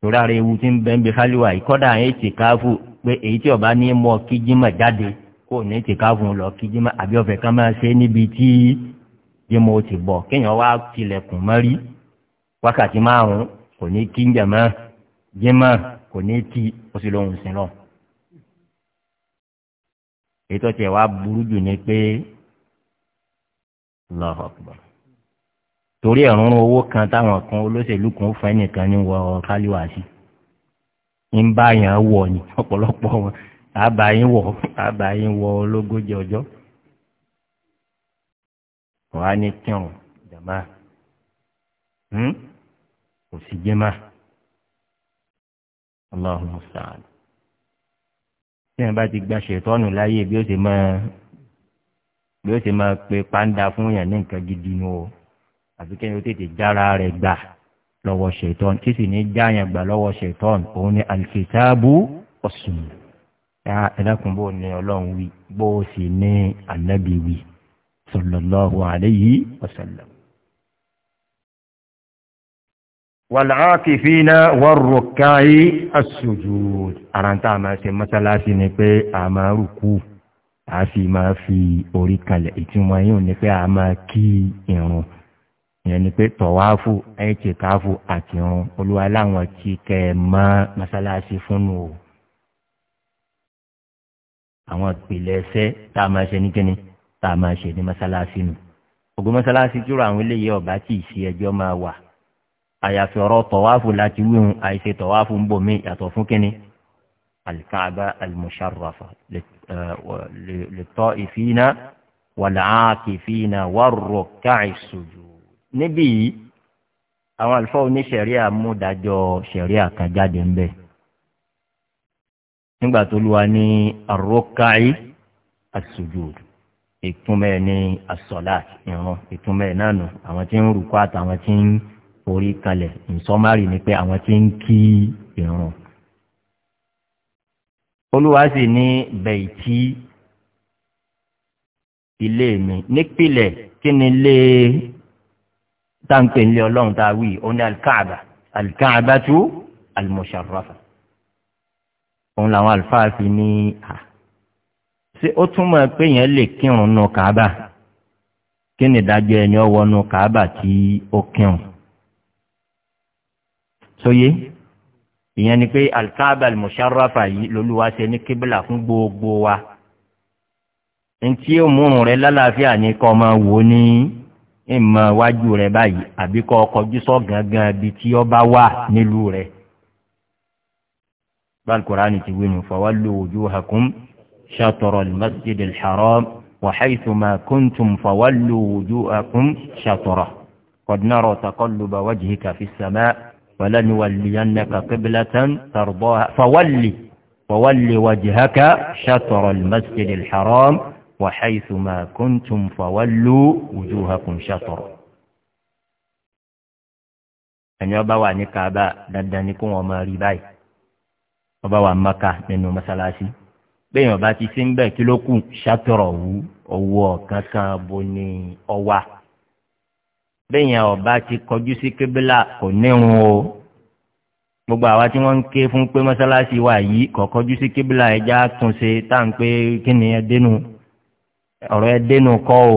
torí ara ewu tí ń bẹ́ ń bi fáliwà yìí kọ́dà ẹ̀ ti pé èyí tí ọba ní mọ kíjímọ̀ jáde kó ní ti káàfù lọ kíjímọ̀ àbí ọ̀fẹ́ kan máa ṣe níbi tí jẹmọ ó ti bọ kéèyàn wá tilẹ̀kùn mọ́rí wákàtí márùn kò ní kí ń jẹmọ jẹmọ kò ní tí ó sì lóhùn sí lọ. ètò tiẹ̀ wá burú jù ni pé lọ́hùn ọ̀pọ̀ torí ẹ̀rún owó kan táwọn kan olóṣèlú kan fún ẹnìkan ní wọ káliwá sí ń bá yàn wọ̀ ní ọ̀pọ̀lọpọ̀ wọn àbáyín wọ̀ àbáyín wọ ológójì ọjọ́ wọn á ní kírun jàmá hmm? kò sí jẹ́má ọlọ́run mùsàlù tí wọn bá ti gba ṣètọ́nù láyé bí ó ṣe máa bí ó ṣe máa pe pàǹdà fún yàn ní nǹkan gidi nu o àfi kí ni ó tètè jára rẹ̀ gbà lọ́wọ́ ṣètọ́n tí sì ní jáyàn gbà lọ́wọ́ ṣètọ́n òun ni àlùfẹ́tàbù ọ̀sùn ẹ̀dá ni ọlọ́run wí bó sì ní ànábì sallallahu alayhi wa sallam. wàlàákìfínà wọ́rùkáyí asùjúd àrántà máa ṣe mọ́sálásí ni pé a máa rùkú a sì máa fi orí kalẹ̀ ìtumọ̀ yìí ni pé a máa kí irun ìyẹn ni pé tọ̀wáfù ẹ̀ẹ́tìkáfù àti irun olúwa láwọn tí kẹ́ ẹ mọ́ mọ́sálásí fúnnu o àwọn ìpìlẹ̀ ẹsẹ̀ tá a máa ṣe ní kíni tá a máa ṣe ní mọ́sálásí nù ògùn mọ́sálásí túrọ̀ àwọn eléyìí ọ̀bá tí ì sí ẹjọ́ máa wà àyàfi ọ̀rọ̀ tọ̀wáfù láti wíhun àìṣe tọ̀wáfù ń bò mí yàtọ̀ fún kínní alikaaba almusharrafa lẹ́tọ́ ìfínà wàlàákì fínà wàrọ̀ káàìsùjù níbí yìí àwọn àlùfáà oníṣẹ̀ríà mú dájọ́ ṣẹ̀ríà kan jáde ń nígbà tó lu wa ní arọ́kàí àsùjúdù ìtumẹ̀ ní asọ̀lá ìran ìtumẹ̀ náà nù àwọn tí ń rúkọ àtàwọn tí ń forí kalẹ̀ nsọ́márì ni pé àwọn tí ń kí ìran. olúwa sì ní bẹ̀ẹ̀tì ilé mi nípìnlẹ̀ kí ni ilé táǹpẹ̀ ilé ọlọ́run tá a wí ó ní alikaaba alikaaba tú alimusharrafa. òun làwọn àlùfáà fi ní. Ah ṣé ó túmọ̀ pé yẹn lè kírun nù kàábà kí ni ìdájọ́ ẹni ọwọ́ nù kàábà tí ó kírun. sóyé ìyẹn ni pé alkaaba almusharrafa yìí lolúwa ṣe ní kébìlà fún gbogbo wa ntí òmùrùn rẹ lálàáfíà ní kọ́ máa wò ó ní ìmọ̀ wájú rẹ báyìí àbí kọ́ kọjú sọ gangan bí tí ó bá wà nílùú rẹ. báàlù kòránì ti wí nù fọwọ́ lu ojú hakùn. شطر المسجد الحرام وحيثما كنتم فولوا وجوهكم شطره قد نرى تقلب وجهك في السماء ولنولينك قبلة ترضاها فول فول وجهك شطر المسجد الحرام وحيثما كنتم فولوا وجوهكم شطره أن ọba wà ní kaaba dandan ni kó wọn máa rí báyìí bẹ́ẹ̀ ọba ti ṣe ń bẹ̀ kí ló kù ṣàtọ̀rọ̀ wú owó kankan bo ni ọwa bẹ́ẹ̀ ọba ti kọjú sí kébélà kò níhun o gbogbo àwa tí wọ́n ń ké fún pé mọ́sálásí wa yìí kò kọjú sí kébélà ẹja tún ṣe tá à ń pé kí ni ẹdínú ọ̀rọ̀ ẹdínú kọ́ o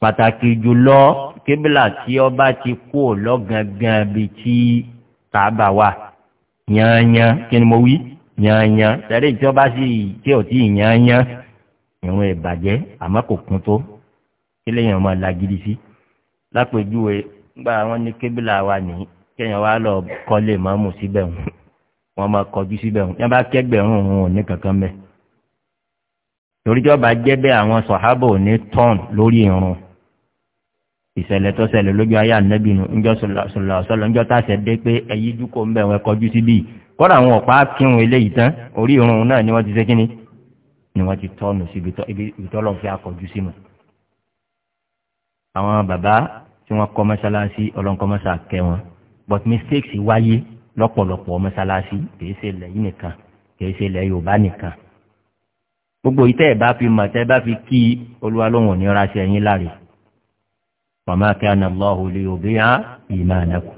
pàtàkì jùlọ kébélà tí ọba ti kú ò lọ́gàngàn bíi tí tàbá wà yányán kí ni mo wí yanyan tẹ̀lé ìjọba sí tí ò tí ì yanyan ìrún ìbàjẹ́ àmọ́ kò kún tó kí lèèyàn máa lagidi sí lápèjúwe gba àwọn ní kébìlà wa ní kéèyàn wá lọ kọ́lé mọ́mù síbẹ̀ wọn máa kọjú síbẹ̀ wọn yẹn bá kẹgbẹ̀rún òun ò ní kankan mẹ́ torí jọba jẹ́ bẹ́ẹ̀ àwọn sọ̀hábà ò ní tọ́ọ̀n lórí irun ìṣẹ̀lẹ̀ tó ṣẹlẹ̀ lójú ayé ànábìnú ńjọ́ sọ̀lọ̀ sọ̀lọ̀ ńjọ́ tàṣẹ dé pé ẹ̀yí dúkọ̀ ń bẹ̀ wọn kọjú síbí yìí kọ́dà àwọn ọ̀pá kírun eléyìí tán orí irun náà ni wọ́n ti ṣe kíni ni wọ́n ti tọ́nu sí ibi tọ́lọ́n fi akọ̀jú sínú. àwọn bàbá tí wọ́n kọ́ mọ́ṣáláṣí ọlọ́nkọ́ kẹ́ wọn but mistakes wáyé lọ́pọ̀lọpọ̀ mọ́ṣáláṣí kìí ṣe ilẹ̀ yìí nìkan kìí ṣe ilẹ̀ yorùbá nìkan. gbogbo ìtẹ́ ẹ̀ bá fi mọ̀ tẹ́ bá fi kí olúwa lóhùn ní ránṣẹ́ yín láre. màmá kí anamọ́ òhùn lè òbí hàn ìmọ̀ àdàkù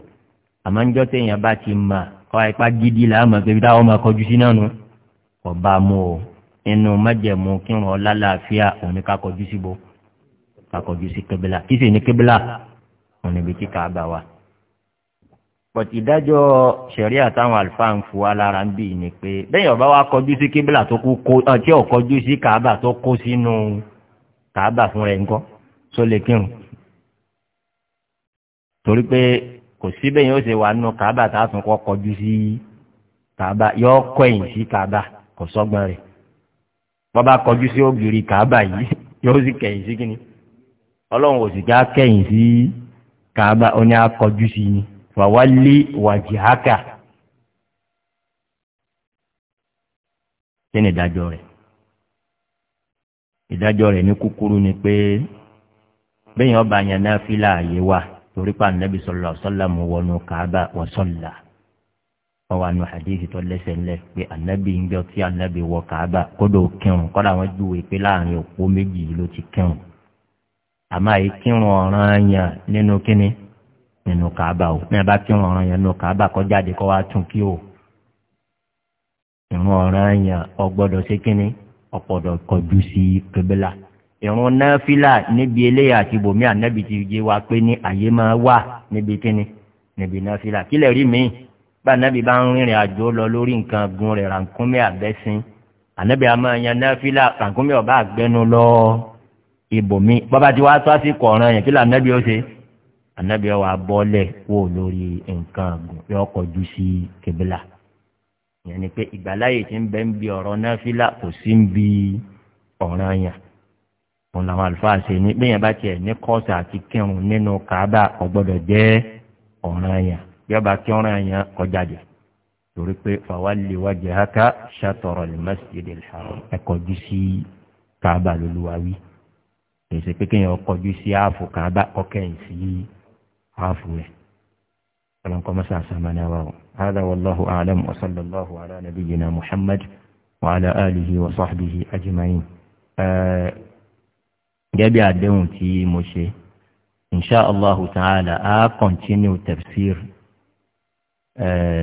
ọ̀ àìpá gidi là á mọ̀ pé táwọn máa kọjú sí náà nù kò bá mú o inú májẹ̀mú kírun ọ̀la làáfíà òun ni ká kọjú síbo ká kọjú sí kébìlà kí sì ní kébìlà òun níbi tí kà á bá wa. pọ̀tì ìdájọ́ sẹ̀ríà táwọn àlùfáà ń fu wa lára ń bì ní pé bẹ́ẹ̀ ọba wa kọjú sí kébìlà tó kú kó ọtí ọ̀ kọjú sí kàábà tó kó sínú kàábà fún rẹ̀ ńkọ́ sólè kírun torí pé kò sí bẹ́ẹ̀ yóò ṣe wà nínú kaaba tá a tún kọ́ kọjú sí kaaba yóò kọ́ ẹ̀yìn sí kaaba kò sọ́gbọ́n rẹ̀ bá kọjú sí ògiri kaaba yìí [laughs] yóò sì kẹ̀yìn sí kíni ọlọ́run ò sì já kẹ̀yìn sí kaaba ó ní akọjú sí ni fàwálé wàjìhákà kí ni ìdájọ́ rẹ̀ ìdájọ́ rẹ̀ ní kúkúrú ni pé bẹ́ẹ̀ yẹn ọba yẹn náà fi láàyè wà. torí pa anabi sọlọ sọlá mu wọnú kaaba wọ sọlá wọn wà nù hadithi tó lẹsẹ ńlẹ pé anabi ń jọ tí anabi wọ kaaba kódò kírun kódà wọn júwe pé láàrin òpó méjì ló ti kírun àmọ́ àyè kírun ọ̀ràn yẹn nínú kíni nínú kaaba o ní abá kírun ọ̀ràn yẹn nínú kaaba kọ jáde kọ wá tún kí o ìrún ọ̀ràn yẹn ọgbọ́dọ̀ ṣe kíni ọ̀pọ̀dọ̀ kọjú sí kébélà ìrún náfìlà níbi eléyà àti bòmí ànábì ti jẹ wa pé ní àyè máa wà níbi kíni níbi náfìlà kílẹ̀ rí mi bá ànábì bá ń rìnrìn àjò lọ lórí nǹkan gun rẹ̀ rànkúnmí àbẹ́sìn ànábì a máa yan náfìlà rànkúnmí ọ̀bá àgbẹnu lọ ibòmí bàbá tí wàá tó àsìkò ọ̀ràn yẹn kílẹ̀ ànábì ó ṣe ànábì ọ̀wà bọ́ọ̀lẹ̀ wò lórí nǹkan gun yọ kọjú sí kébìlà ìyẹn ni pé ìgbàláyè ti ń bẹ́ ń bi ọ̀rọ̀ náfìlà kò sí ń bi ọ̀ràn yẹn òun làwọn àlùfáà ṣe ní bẹ́yẹn bá tiẹ̀ ní kọ́ọ̀sì àti kírun nínú kàábà ọgbọ́dọ̀ jẹ́ ọ̀ràn àyàn yọba kí ọ̀ràn àyàn kọjá jẹ torí pé fàwálì wájú haka ṣàtọ̀rọ̀ lè má sì lè ṣàrọ̀ ẹ kọjú sí kàábà lóluwàwí èsì pé kéèyàn kọjú sí ààfù kàábà ọkẹ́yìn sí ààfù rẹ̀ ọlọ́nkọ́ mọ́sá sàmánà wa o hàdà wàlláhu àlám wasalláhu àlá nàbíyìnà muhammad wàhálà àlìhí wa sàbìhí ajimáyìn. gẹ́bí àdéhùn tí mo ṣe inṣá allahu ta'ala a continue tafsir